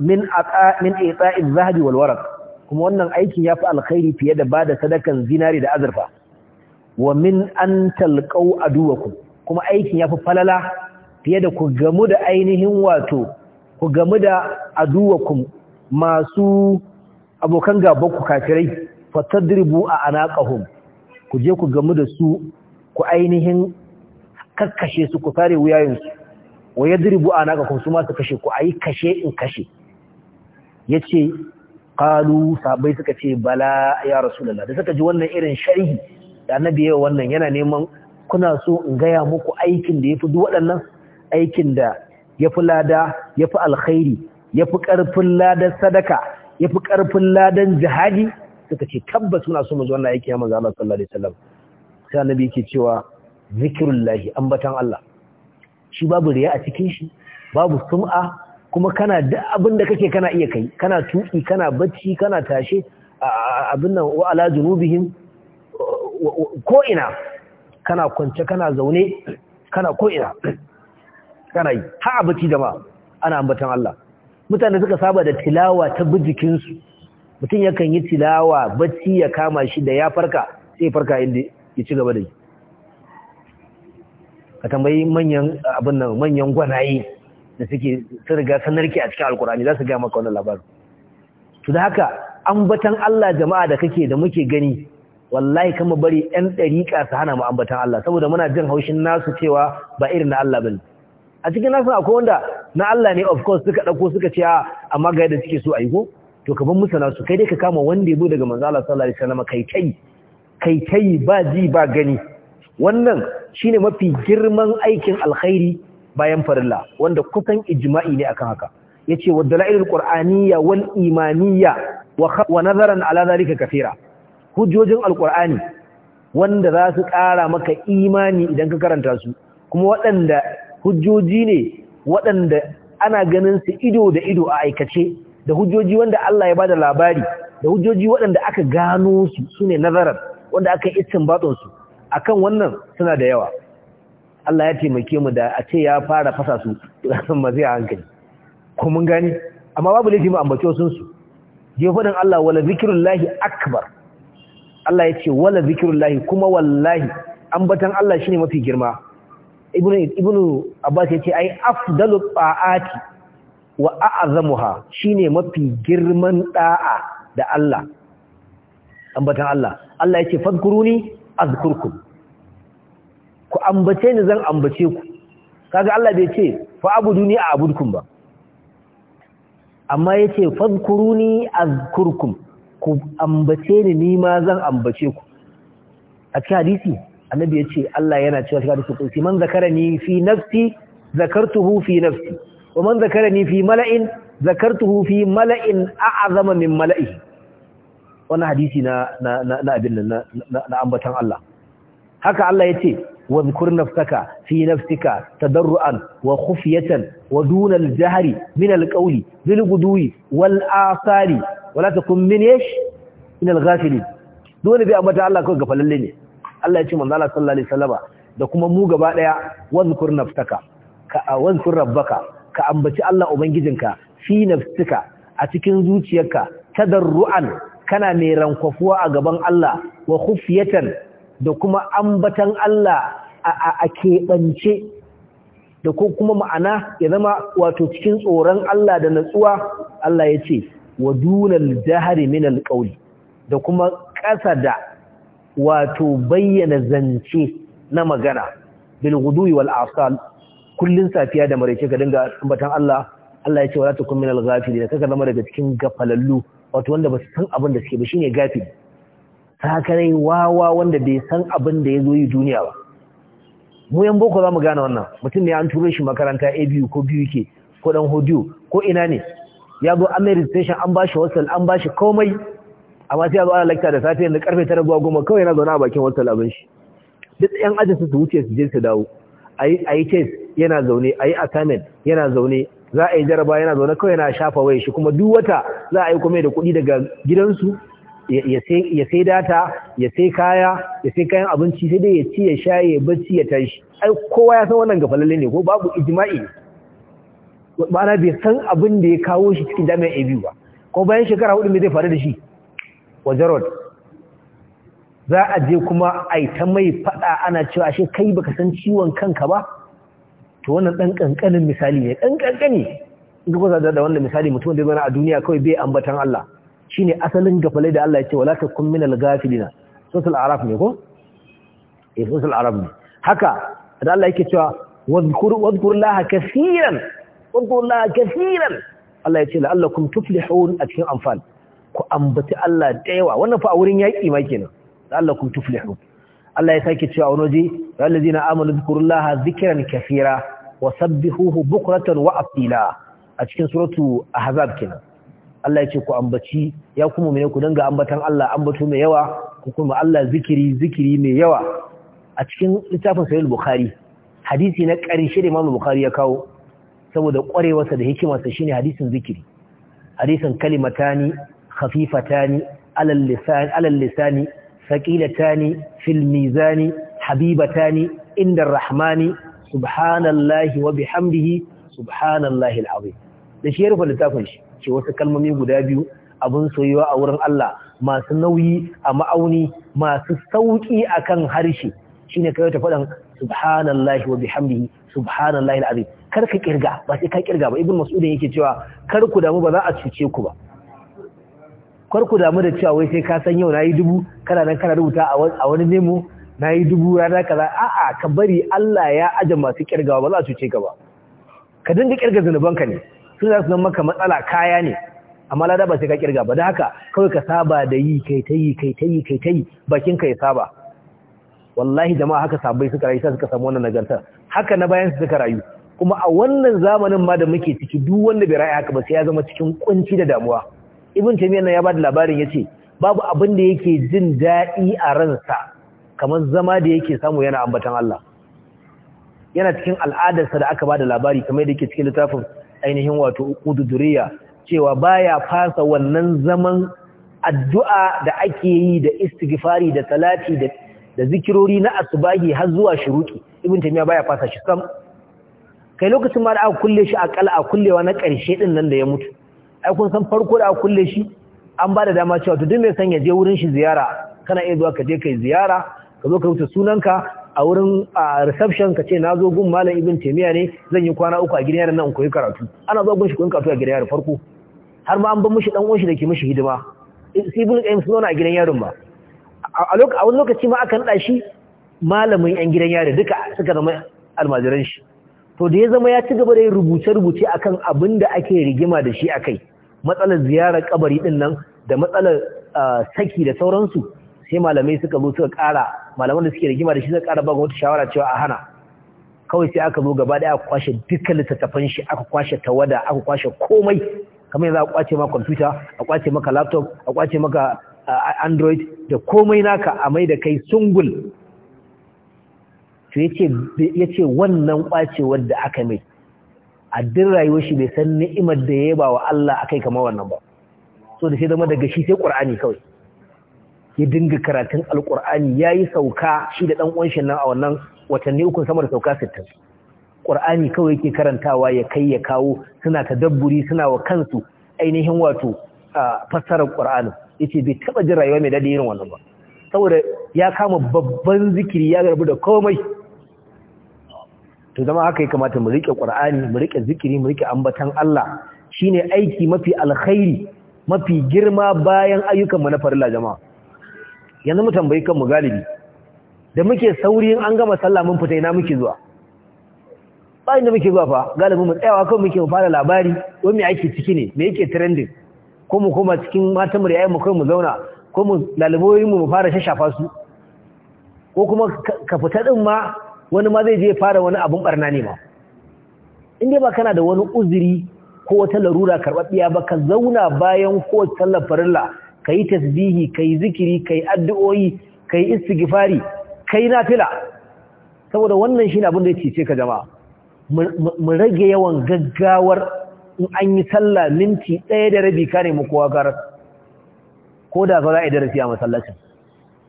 min aqa min ita'iz zahabi wal waraq kuma wannan aikin yafi alkhairi fiye da bada sadakan zinari da azurfa wa min an talqau aduwakum kuma aikin yafi falala fiye da ku gamu da ainihin wato ku gamu da aduwakum masu abokan gabanku kafirai fatadribu a anaqahum ku je ku gamu da su ku ainihin karkashe su ku sare wuyayensu wa yadribu anaqahum su ma su kashe ku ayi kashe in kashe yace qalu sabai suka ce bala ya rasulullah da suka ji wannan irin sharhi da annabi yayin wannan yana neman kuna so in gaya muku aikin da yafi duk waɗannan aikin da ya fi lada ya fi alkhairi ya fi ƙarfin ladan sadaka ya fi ƙarfin ladan jihadi suka ce tabbas suna so mu zo wannan aiki ya manzo Allah sallallahu alaihi wasallam sai annabi yake cewa zikrullahi ambatan Allah shi babu riya a cikin shi babu sum'a kuma kana da abin da kake kana iya kai kana tuki kana bacci kana tashe abin nan wa ala junubihim ko ina kana kwance kana zaune kana ko ina kana yi ha da jama'a ana ambatan Allah mutane suka saba da tilawa ta bijikin su mutum yakan yi tilawa bacci ya kama shi da ya farka sai farka inda ya ci gaba da yi ka tambayi manyan abin nan manyan gwanaye da suke sun riga sanarki a cikin alkurani za su ga maka wannan labarin to da haka ambatan Allah jama'a da kake da muke gani wallahi kama bari 'yan ɗariƙa su hana mu ambatan Allah saboda muna jin haushin nasu cewa ba irin na Allah bane a cikin nasu akwai wanda na Allah ne of course suka dauko suka ce ah, amma ga yadda suke so a yi ko to ka bar musana su, kai dai ka kama wanda ya bu daga manzo Allah sallallahu alaihi wasallam kai kai kai kai ba ji ba gani wannan shine mafi girman aikin alkhairi bayan farilla wanda kusan ijma'i ne akan haka yace wa dalailul qur'aniyya wal imaniyya wa nazaran ala zalika kathira hujjojin alqur'ani wanda za su ƙara maka imani idan ka karanta su kuma waɗanda hujjoji ne waɗanda ana ganin su ido da ido a aikace da hujjoji wanda Allah ya bada labari da hujjoji waɗanda aka gano su sune nazarar wanda aka yi istinbatun su akan wannan suna da yawa Allah ya taimake mu da a ce ya fara fasa su san mazi a hankali ko mun gani amma babu laifi mu ambace sun su je faɗin Allah wala zikrullahi akbar Allah ya ce wala zikrullahi kuma wallahi ambatan Allah shine mafi girma ibnu abbas ya ce ai afdalu ta'ati wa a'zamuha shine mafi girman da'a da Allah ambatan Allah Allah ya ce fadkuruni azkurkum ku ambace ni zan ambace ku kaga Allah bai ce fa abuduni a abudkum ba amma yace fadkuruni azkurkum ku ambace ni nima zan ambace ku a cikin hadisi annabi ya ce Allah yana cewa shiga da su kulsi man ni fi nafsi zakartuhu fi nafsi wa man ni fi mala'in zakartuhu fi mala'in a'azama min mala'i wannan hadisi na na abin nan na ambatan Allah haka Allah ya ce wa zikur nafsaka fi nafsika tadarruan wa khufyatan wa duna al-jahri min al-qawli bil guduwi wal asari wala takun min ish min al-ghafilin dole bai ambata Allah kawai ga falalle ne Allah ya ce manzo Allah sallallahu alaihi wasallama da kuma mu gaba daya wazkur naftaka ka wazkur rabbaka ka ambaci Allah ubangijinka fi naftika a cikin zuciyarka tadarruan kana mai rankwafuwa a gaban Allah wa khufyatan da kuma ambatan Allah a keɓance da kuma ma'ana ya zama wato cikin tsoron Allah da natsuwa Allah ya ce wa dunal jahari min alqawli da kuma ƙasa da wato bayyana zance na magana bil gudui wal asal kullun safiya da maraice ka dinga tambatan Allah Allah ya ce wala takun minal ghafilin kaga zama daga cikin gafalallu wato wanda ba su san abin da suke ba shine gafili sakarai wawa wanda bai san abin da ya zo yi duniya ba mu yan boko za mu gane wannan mutum ne an turo shi makaranta a biyu ko biyu ke ko dan hodiyo ko ina ne ya zo an mai an bashi wasal an bashi komai amma sai a zo ana lakta da safe yanzu karfe tara zuwa goma kawai yana zaune a bakin wata labin shi duk yan ajin su wuce su je su dawo a yi test yana zaune a yi assignment yana zaune za a yi jaraba yana zaune kawai yana shafa wai shi kuma duk wata za a yi kuma da kuɗi daga gidansu ya sai data ya sai kaya ya sai kayan abinci sai dai ya ci ya sha ya bacci ya tashi ai kowa ya san wannan gafalalle ne ko babu ijma'i ma'ana bai san abin da ya kawo shi cikin jami'an abu ba ko bayan shekara hudu me zai faru da shi wajarod za a je kuma a yi ta mai fada ana cewa ashe kai baka san ciwon kanka ba to wannan dan kankanin misali ne dan kankani inda kusa da wannan misali mutum da zana a duniya kawai bai ambatan Allah shine asalin gafalai da Allah ya ce wala takun minal ghafilina suratul araf ne ko eh suratul araf ne haka da Allah yake cewa wadhkuru wadhkurullaha kaseeran wadhkurullaha kaseeran Allah ya ce la'allakum tuflihun a cikin amfani ku ambaci Allah da yawa wannan fa a wurin yaƙi ma kenan ku tuflihu Allah ya sake cewa wani waje ya allazina amanu dhkurullaha dhikran kaseera wa sabbihuhu bukratan wa asila a cikin suratu ahzab kenan Allah ya ce ku ambaci ya kuma mene ku danga ambatan Allah ambato mai yawa ku kuma Allah zikiri zikiri mai yawa a cikin littafin sahih bukhari hadisi na karshe da Imam Bukhari ya kawo saboda kwarewarsa da hikimarsa shine hadisin zikiri hadisin kalimatani khafifatani alal lisani alal lisani habibatani inda rahmani, subhanallahi wa bihamdihi subhanallahi alazim da shi ya rufe littafin shi ce wasu kalmomi guda biyu abun soyuwa a wurin Allah masu nauyi a ma'auni masu sauƙi a kan harshe shine kai ta fadan subhanallahi wa bihamdihi subhanallahi alazim kar ka kirga ba sai ka kirga ba ibn mas'ud yake cewa kar ku damu ba za a cuce ku ba kar ku damu da cewa wai sai ka san yau na yi dubu kana nan kana rubuta a wani nemo na yi dubu rana kaza a'a ka bari Allah ya aje masu kirgawa ba za su ce ka ba ka dinga kirga ka ne sun za su zama maka matsala kaya ne amma lada ba sai ka kirga ba da haka kawai ka saba da yi kai ta yi kai ta yi kai ta yi bakin ka ya saba wallahi jama'a haka sabai suka rayu suka samu wannan nagartar haka na bayan su suka rayu kuma a wannan zamanin ma da muke ciki duk wanda bai rayu haka ba sai ya zama cikin kunci da damuwa ibn taymiyyah ya bada labarin ya ce, babu abin da yake jin daɗi a ransa kamar zama da yake samu yana ambatan Allah yana cikin al'adarsa da aka bada labari kamar da yake cikin littafin ainihin wato uqududuriya cewa baya fasa wannan zaman addu'a da ake yi da istighfari da talati da zikirori na asubahi har zuwa shuruki ibn ba baya fasa shi sam kai lokacin ma da aka kulle shi akalla a kullewa na ƙarshe din nan da ya mutu ai kun san farko da kulle shi an ba da dama cewa to duk mai san ya je wurin shi ziyara kana iya zuwa ka je kai ziyara ka zo ka rubuta sunanka a wurin reception ka ce na zo gun malam ibn taymiya ne zan yi kwana uku a gidan yaran nan koyi karatu ana zuwa gun shi koyi karatu a gidan yaran farko har ma an ban mishi dan uwan shi ke mishi hidima Sibin qayyim sun zauna a gidan yaron ba a wani lokaci ma aka nada shi malamin yan gidan yare duka suka zama almajiran shi to da ya zama ya ci gaba da yin rubuce-rubuce akan abin da ake rigima da shi akai matsalar ziyarar kabari din nan da matsalar saki da sauransu sai malamai suka zo suka kara malaman da suke rigima da shi suka ƙara ba wata shawara cewa a hana kawai sai aka zo gaba daya aka kwashe dukkan littattafan shi aka kwashe tawada aka kwashe komai kamar yanzu a kwace maka kwamfuta a kwace maka laptop a kwace maka android da komai naka a mai da kai sungul to yace yace wannan kwacewar da aka mai Addin rayuwar shi bai san ni'imar da ya ba wa Allah akai kamar wannan ba so da shi zama daga shi sai Qur'ani kawai ya dinga karatun alƙur'ani yayi sauka shi da dan uwan shi nan a wannan watanni uku sama da sauka 60 Qur'ani kawai yake karantawa ya kai ya kawo suna tadabburi suna wa kansu ainihin wato fassarar Qur'ani yace bai taba jin rayuwa mai dadi irin wannan ba saboda ya kama babban zikiri ya garbu da komai to zama haka ya kamata mu rike qur'ani mu rike zikiri mu rike ambatan Allah shine aiki mafi alkhairi mafi girma bayan ayyukan mu na farilla jama'a yanzu mu tambayi mu galibi da muke saurin an gama sallah mun fita ina muke zuwa ba inda muke zuwa fa galibi mu tsayawa kawai muke mu fara labari ko aiki ciki ne me yake trending ko mu koma cikin matan mu da mu kai mu zauna ko mu lalaboyin mu mu fara shashafa su ko kuma ka fita din ma wani ma zai je fara wani abun barna ne ma in ba kana da wani uzuri ko wata larura karɓaɓɓiya ba ka zauna bayan ko tallafarilla ka yi tasbihi ka yi zikiri ka yi addu'o'i ka yi istighfari ka yi nafila saboda wannan shi ne abin da ya cece ka jama'a mu rage yawan gaggawar in an yi sallah minti ɗaya da rabi ka nemi kowa garar ko da za a yi darasi a masallacin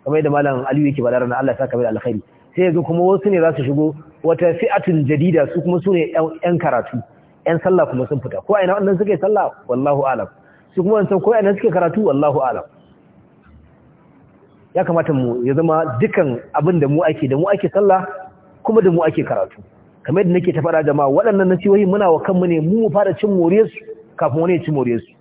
kamar yadda malam aliyu yake ba da ranar allah ta alkhairi sai yanzu kuma wasu ne za su shigo wata fi'atun jadida su kuma su ne yan karatu yan sallah kuma sun fita ko a ina wannan suke sallah wallahu alam su kuma wancan ko a ina suke karatu wallahu alam ya kamata mu ya zama dukan abin da mu ake da mu ake sallah kuma da mu ake karatu kamar yadda nake ta fara jama'a waɗannan nasihohi muna wa kanmu ne mu mu fara cin more su kafin wani ya ci more su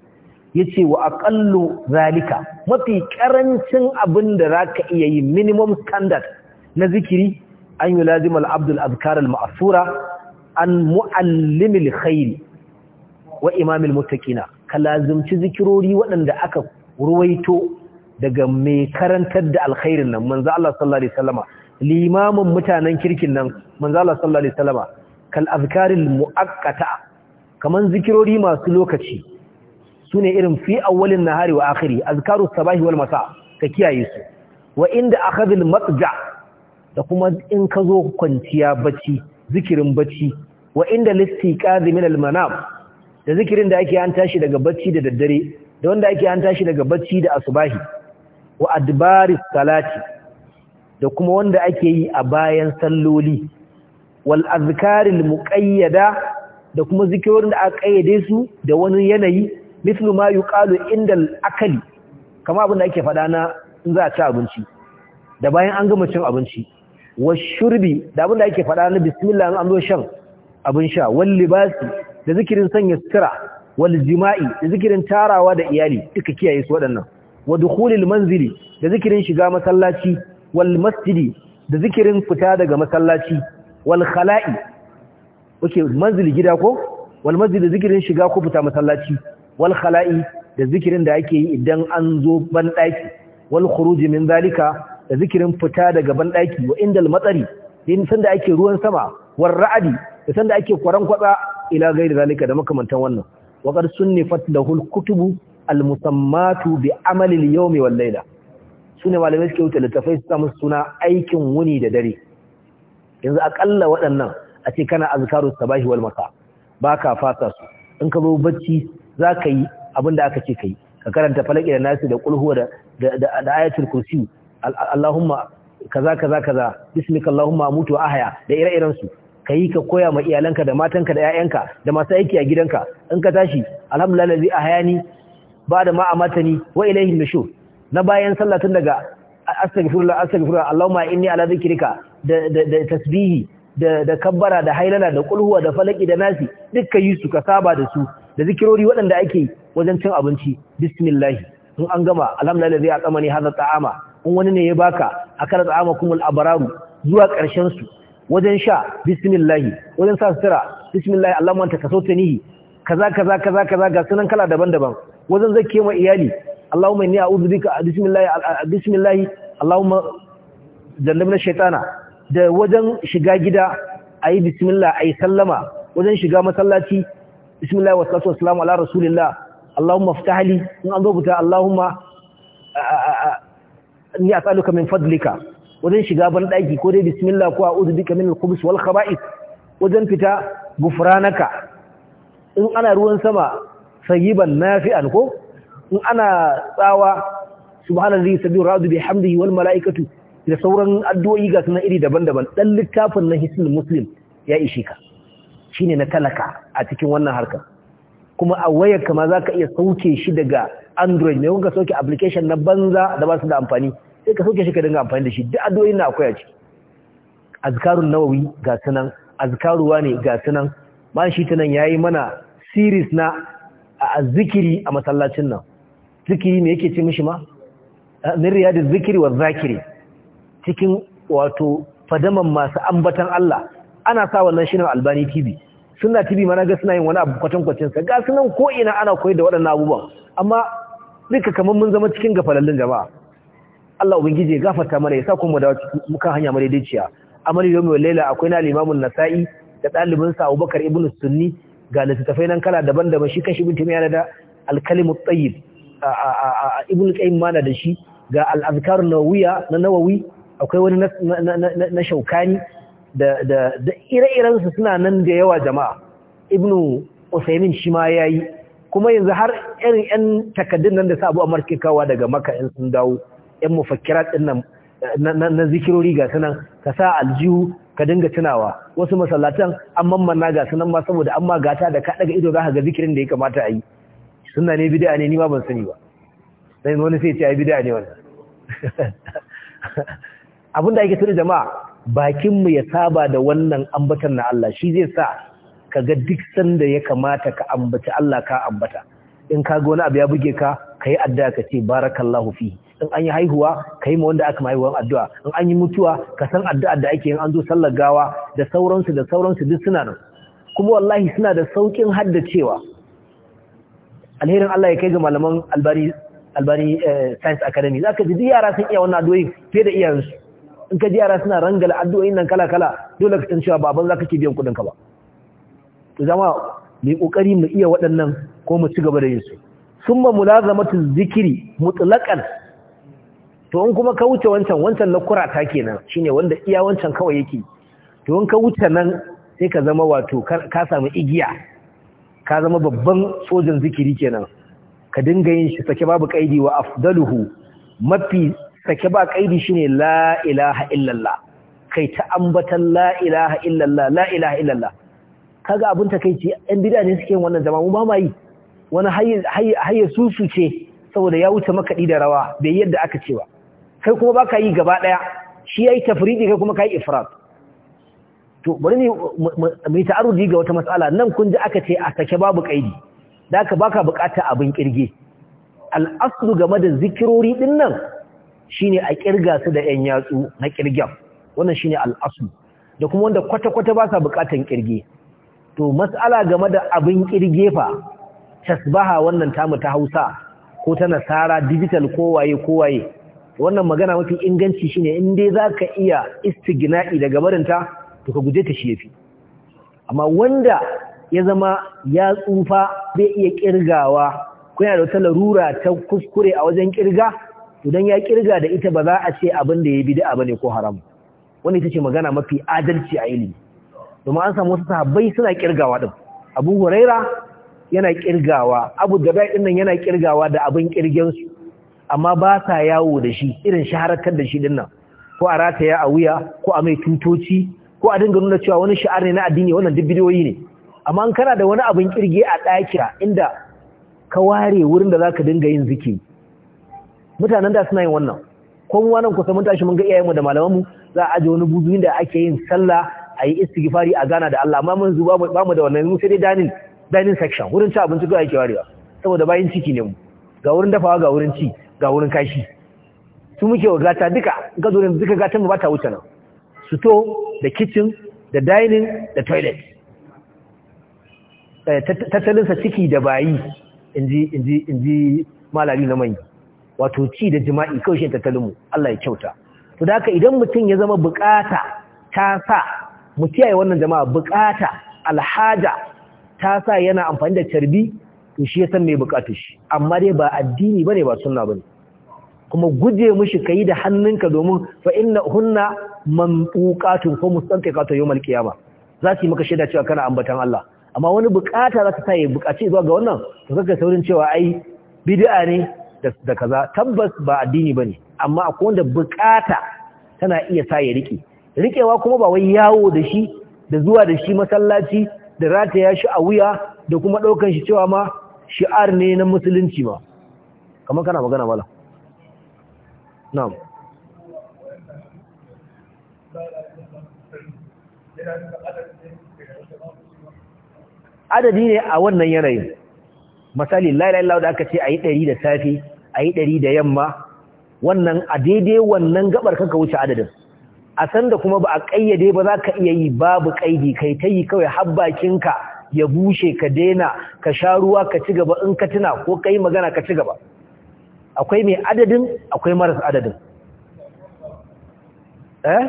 yace wa aqallu zalika mafi karancin abin da zaka iya yi minimum standard na zikiri an yi Abdul Azkaral masura maasura an mu'allimil khairi wa imamil mutakina ka lazimci zikirori waɗanda aka ruwaito daga mai karantar da alkhairin nan manzo Allah sallallahu alaihi wasallama limamin mutanen kirkin nan manzo Allah sallallahu alaihi wasallama kal azkaril muakkata kaman zikirori masu lokaci sune irin fi awwalin nahari wa akhiri azkarus sabahi wal masa ka kiyaye su wa inda akhadhil matja da kuma in ka zo kwanciya bacci zikirin bacci wa inda listiqazi min almanam da zikirin da ake an tashi daga bacci da daddare da wanda ake an tashi daga bacci da asubahi wa adbaris salati da kuma wanda ake yi a bayan salloli wal azkaril muqayyada da kuma zikirin da aka kayyade su da wani yanayi mislu ma yuqalu inda akali kama abin da ake faɗa na in za a ci abinci da bayan an gama cin abinci wa shurbi da abin da ake faɗa na bismillah an zo shan abin sha wal libasi da zikirin sanya sutura wal jima'i da zikirin tarawa da iyali duka kiyaye su waɗannan wa dukhulil manzili da zikirin shiga masallaci wal masjidi da zikirin fita daga masallaci wal khala'i okay manzili gida ko wal masjidi da zikirin shiga ko fita masallaci wal khala'i da zikirin da ake yi idan an zo ban daki wal khuruji min zalika da zikirin fita daga banɗaki wa indal matsari din sanda ake ruwan sama war ra'adi da sanda ake kwaran kwatsa ila gairi zalika da makamantan wannan wa qad sunnifat lahul kutubu al musammatu bi amali al yawmi wal layla sune malamai suke wuce littafai su samu suna aikin wuni da dare yanzu akalla waɗannan a ce kana azkaru sabahi wal masa baka fasa su in ka zo bacci za ka yi da aka ce ka yi ka karanta falaki da nasu da kulhuwa da da ayatul Allahumma kaza kaza kaza bismika Allahumma mutu ahya da ire-iren su kai ka koya ma iyalanka da matanka da ƴaƴanka da masu aiki a gidanka in ka tashi alhamdulillah allazi ahyani ba da ma amatani wa ilayhi nushur na bayan sallah tun daga astaghfirullah astaghfirullah Allahumma inni ala zikrika da da tasbihi da da kabbara da hailala da kulhuwa da falaki da nasi dukkan yi su ka saba da su da zikirori waɗanda ake wajen cin abinci bismillah in an gama alhamdulillah zai aqamani hadha ta'ama wani ne ya baka akala ta'amakum al-abraru zuwa ƙarshen su wajen sha bismillahi wajen sa sutura bismillahi allahumma anta nihi. kaza kaza kaza kaza ga sunan kala daban-daban wajen zake ma iyali allahumma inni a'udhu bika bismillahi bismillahi allahumma jannabna shaitana. da wajen shiga gida ayi bismillah yi sallama wajen shiga masallaci bismillah wa salatu wassalamu ala rasulillah allahumma iftah li in an rubuta allahumma ni Saluka min fadlika wajen shiga ban ko dai bismillah ko a'udhu bika min al-khubuth wal khaba'ith wajen fita gufranaka in ana ruwan sama sayyiban nafi'an ko in ana tsawa subhanallahi sabihu radu bihamdihi wal mala'ikatu da sauran addu'o'i ga sunan iri daban-daban dan littafin na hisnul muslim ya ishe ka shine na talaka a cikin wannan harkar kuma a wayar kama za ka iya sauke shi daga android mai ka sauke application na banza da ba su da amfani sai ka sauke shi ka dinga amfani da shi duk addu'o'in na akwai a ciki azkarun nawawi ga sunan azkaruwa ne ga sunan ma shi tunan yayi mana siris na a zikiri a masallacin nan zikiri ne yake ce mishi ma ya riyadin zikiri wa zakiri cikin wato fadaman masu ambatan Allah ana sa wannan shirin albani tv suna tv mana ga suna yin wani abu kwatankwacin sa ga sunan ko ina ana koyar da waɗannan abubuwan amma duka kamar mun zama cikin gafalallin jama'a Allah ubangiji ya gafarta mana ya sa kuma da muka hanya madaidaiciya amali yau wa laila akwai na Limamin nasa'i da ɗalibin sa Abubakar ibn Sunni ga littattafai nan kala daban-daban shi kan shi bin tumiya da al-kalimut tayyib ibn qayyim mana da shi ga al-azkar nawawiya na nawawi akwai wani na shaukani da ire-irensu suna nan da yawa jama'a ibnu usaimin shi ma ya yi kuma yanzu har irin 'yan takaddun nan da abu a markikawa daga maka 'yan sun dawo 'yan mafakira ɗin nan na zikirori ga sunan ka sa aljihu ka dinga tunawa wasu masallatan an mammana ga sunan ma saboda an ma gata da ka daga ido za ka ga zikirin da ya kamata a yi suna ne bida ne ni ma ban sani ba sai wani sai ce yi bida ne wannan da ake tuni jama'a bakinmu ya saba da wannan ambatan na Allah shi zai sa ka ga duk sanda ya kamata ka ambaci Allah ka ambata in ka ga wani abu ya buge ka ka yi addu'a ka ce barakallahu fi in an yi haihuwa ka yi ma wanda aka haihuwa addu'a in an yi mutuwa ka san addu'a da ake yin an zo sallar gawa da sauransu da sauransu duk suna nan kuma wallahi suna da saukin haddacewa alherin Allah ya kai ga malaman albani albani eh, science academy zaka ji yara sun iya wannan addu'o'i fiye da iyayensu in ka ji yara suna rangala addu'o'in nan kala kala dole ka san cewa baban zaka ke biyan kudin ka ba to jama'a mu kokari mu iya waɗannan ko mu ci gaba da yin su summa mulazamatu zikiri mutlaqan to in kuma ka wuce wancan wancan na kurata kenan shine wanda iya wancan kawai yake to in ka wuce nan sai ka zama wato ka samu igiya ka zama babban sojan zikiri kenan ka dinga yin shi sake babu kaidi wa afdaluhu mafi sake ba kaidi shine la ilaha illallah kai ta ambatan la ilaha illallah la ilaha illallah kaga abin takeici ɗan bid'a ne suke wannan zama mu ba ma yi wani hayya susu ce saboda ya wuce makaɗi da rawa bai yadda aka ce ba kai kuma baka yi gaba ɗaya shi yayi tafridi kai kuma kai ifrat to bari ne mu ta'arudi ga wata matsala nan kun ji aka ce a sake babu kaidi da aka baka bukata abin kirge al'aslu game da zikirori din nan shine a kirga su da yan yatsu na kirgen wannan shine al'asu da kuma wanda kwata-kwata ba sa bukatan kirge to mas'ala game da abin kirge fa tasbaha wannan tamu ta Hausa ko ta Nasara digital kowaye kowaye wannan magana mafi inganci shine in dai zaka iya istigna'i daga barinta to ka guje ta shi yafi amma wanda ya zama ya tsufa bai iya kirgawa kuna da wata larura ta kuskure a wajen kirga idan ya kirga da ita ba za a ce abin da ya bi da'a bane ko haram wani ita ce magana mafi adalci a ilimi domin an samu wasu sahabbai suna kirgawa din Abu Huraira yana kirgawa Abu Darda din yana kirgawa da abin kirgen su amma ba sa yawo da shi irin shaharakar da shi dinnan. nan ko a rataya a wuya ko a mai tutoci ko a dinga nuna cewa wani sha'ar ne na addini wannan duk bidiyoyi ne amma an kana da wani abin kirge a ɗakira inda ka ware wurin da zaka dinga yin zikiri mutanen da suna yin wannan ko mu nan kusa mun tashi mun ga iyayenmu da malamanmu za a aje wani buzu da ake yin sallah a yi istighfari a gana da Allah amma mun zuba ba mu da wannan mu sai dai dining dining section wurin ci abinci ga ake warewa saboda bayin ciki ne mu ga wurin dafawa ga wurin ci ga wurin kashi su muke wa gata duka ga zurin duka gatan mu ba ta wuce nan to da kitchen da dining da toilet tattalinsa ciki da bayi inji inji inji malami na manyi wato ci da jima'i kawai shi mu. Allah ya kyauta to da haka idan mutum ya zama bukata ta sa mu kiyaye wannan jama'a bukata alhaja ta sa yana amfani da carbi to shi ya san mai bukatu shi amma dai ba addini bane ba sunna bane kuma guje mishi kai da hannunka domin fa inna hunna mambuqatun ko mustantiqatu yawmal qiyama za su yi maka shaida cewa kana ambatan Allah amma wani bukata za ta sa ya bukaci zuwa ga wannan to kaga saurin cewa ai bid'a ne da kaza tabbas ba addini bane amma akwai wanda bukata tana iya sa ya rike rikewa kuma ba wai yawo da shi da zuwa da shi masallaci da rataya shi a wuya da kuma daukan shi cewa ma shi'ar ne na musulunci ba kamar kana magana mala na'am adadi ne a wannan yanayin misali la ilaha illallah da aka ce ayi 100 da safi a yi ɗari da yamma wannan a daidai wannan gabar kanka wuce adadin a sanda kuma ba a ƙayyade ba za ka iya yi babu ƙaidi kai ta yi kawai habbakinka ya bushe ka daina ka sha ruwa ka ci gaba in ka tuna ko ka yi magana ka ci gaba akwai mai adadin akwai maras adadin eh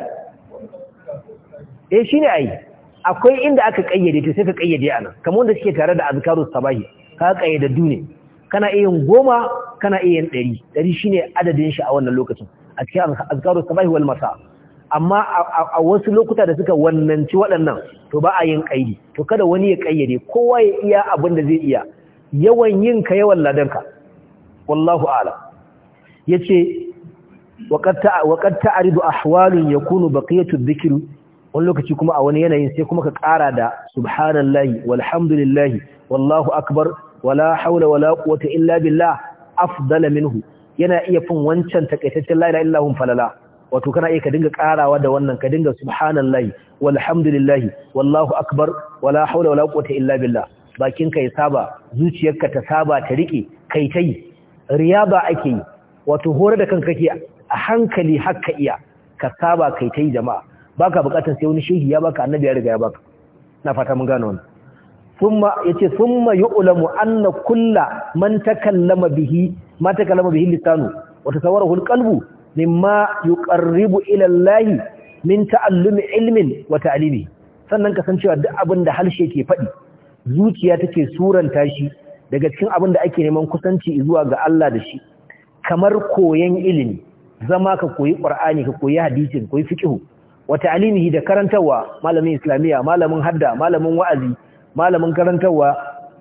eh a yi akwai inda aka ƙayyade ta sai ka ƙayyade ana kamar wanda suke tare da azkarus sabahi ka ƙayyade dune kana iya yin goma kana iya yin ɗari ɗari shine adadin shi a wannan lokacin a cikin azkaru sabahi wal masa amma a wasu lokuta da suka wannanci waɗannan to ba a yin ƙaidi to kada wani ya ƙayyade kowa ya iya abin da zai iya yawan yin ka yawan ladanka wallahu ala yace waqad ta'ridu ahwalun ya baqiyatu dhikr wani lokaci kuma a wani yanayin sai kuma ka ƙara da subhanallahi walhamdulillahi wallahu akbar wala haula wala quwwata illa billah afdala minhu yana iya fin wancan takaitaccen la ilaha illa hum falala wato kana iya ka dinga karawa da wannan ka dinga subhanallahi walhamdulillahi wallahu akbar wala haula wala quwwata illa billah bakinka ya saba zuciyarka ta saba ta rike kai tai riya ba ake yi wato hore da kanka kake a hankali hakka iya ka saba kai tai jama'a baka bukatar sai wani shehi ya baka annabi ya riga ya baka na fata mun gane wannan thumma yace thumma yu'lamu anna kulla man takallama bihi ma takallama bihi lisanu wa tasawwarahu alqalbu ma yuqarribu ila ilallahi, min ta'allumi ilmin wa ta'limi sannan kasancewa duk abin da harshe ke faɗi zuciya take suranta shi daga cikin abin da ake neman kusanci zuwa ga Allah da shi kamar koyon ilimi zama ka koyi ƙur'ani ka koyi hadisi ka koyi fiqh wata ta'limihi da karantarwa malamin islamiyya malamin hadda malamin wa'azi malamin karantarwa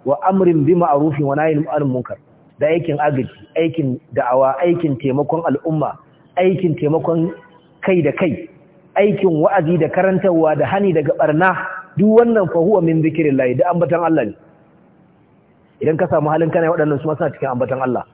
wa amrin bi ma'arufi wa nahyin anil munkar da aikin agaji aikin da'awa aikin taimakon al'umma aikin taimakon kai da kai aikin wa'azi da karantarwa da hani daga barna duk wannan fa huwa min zikrillah da ambatan Allah ne idan ka samu halin kana waɗannan su ma suna cikin ambatan Allah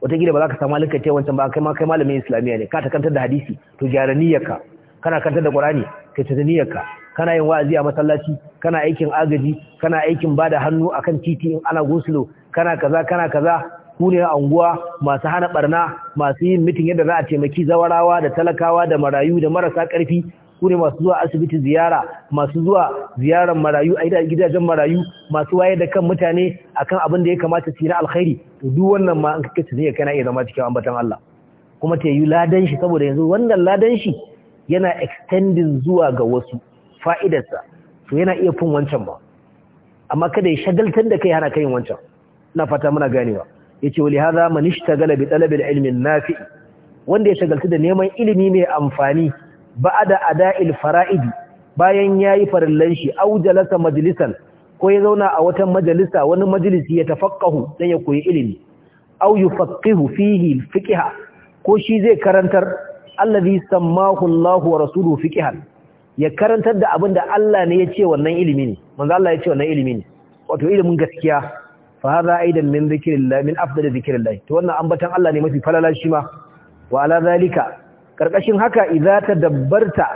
wataƙila ba za ka samu halin ce wancan ba kai ma kai malamin islamiyya ne ka ta kantar da hadisi to gyara niyyarka kana kantar da qur'ani kai ta niyyarka kana yin wa'azi a masallaci kana aikin agaji kana aikin bada hannu akan titi in ana gosulo kana kaza kana kaza ku ne unguwa masu hana barna masu yin mitin yadda za a taimaki zawarawa da talakawa da marayu da marasa karfi ku ne masu zuwa asibiti ziyara masu zuwa ziyarar marayu a gidajen marayu masu waye da kan mutane akan abin da ya kamata su yi na alkhairi to duk wannan ma an kake ya kana iya zama cikin ambatan Allah kuma ta yi ladan shi saboda yanzu wannan ladan shi yana extending zuwa ga wasu fa'idarsa to yana iya fin wancan ba amma kada ya shagaltar da kai hana kayin wancan ina fata muna ganewa ce, wali haza ma ishtagala bi talabil ilimin nafi wanda ya shagaltar da neman ilimi mai amfani da ada'il fara'idi bayan yayi farillan shi au jalasa majalisan, ko ya zauna a wata majalisa wani majalisi ya tafakkahu dan ya koyi ilimi auyu fakkihu fihi fiqha ko shi zai karantar allazi sammahu Allahu wa rasuluhu fiqhan ya karantar da abin da Allah ne ya ce wannan ilimi ne manzo Allah ya ce wannan ilimi ne wato ilimin gaskiya fa hadha aidan min zikrillah min afdal zikrillah to wannan ambatan Allah ne mafi falala shi ma wa ala zalika karkashin haka idza tadabbarta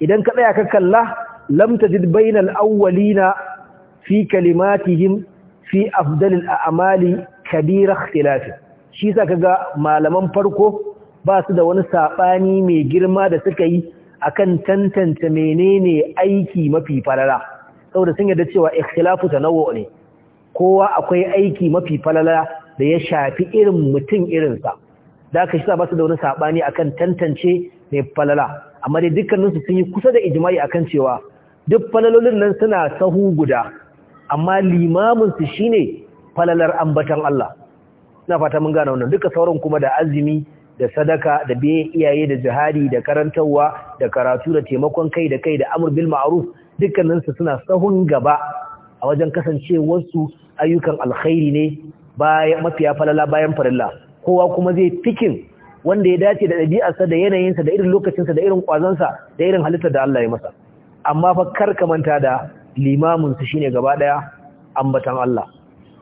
idan ka tsaya ka kalla lam tajid bainal awwalina fi kalimatihim fi afdal al'amali kabira ikhtilaf shi sa kaga malaman farko ba su da wani sabani mai girma da suka yi akan tantance menene aiki mafi falala saboda sun yarda cewa ikhtilafu tanawwu ne kowa akwai aiki mafi falala da ya shafi irin mutum irinsa da ka shiga su da wani sabani akan tantance mai falala amma dai dukkaninsu sun yi kusa da ijma'i akan cewa duk falalolin nan suna sahu guda amma limamin su shine falalar ambatan Allah ina fata mun gane wannan duka sauran kuma da azumi da sadaka da biye iyaye da jihadi da karantarwa da karatu da taimakon kai da kai da amur bil ma'ruf dukkaninsu suna sahun gaba a wajen kasancewarsu ayyukan alkhairi ne bayan mafiya falala bayan farilla kowa kuma zai fikin wanda ya dace da ɗabi'arsa da yanayinsa da irin lokacinsa da irin sa da irin halittar da Allah ya masa amma fa kar ka manta da limamin su shine gaba daya ambatan Allah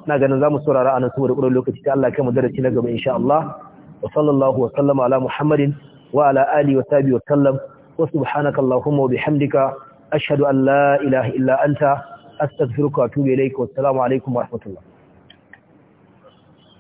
ina ganin zamu saurara anan saboda ƙurar lokaci ta Allah kai mu darasi na gaba insha Allah wa sallallahu wa sallama ala muhammadin wa ala alihi wa sahbihi wa sallam wa subhanaka allahumma wa bihamdika ashhadu an la ilaha illa anta astaghfiruka wa atubu ilaik wa alaikum wa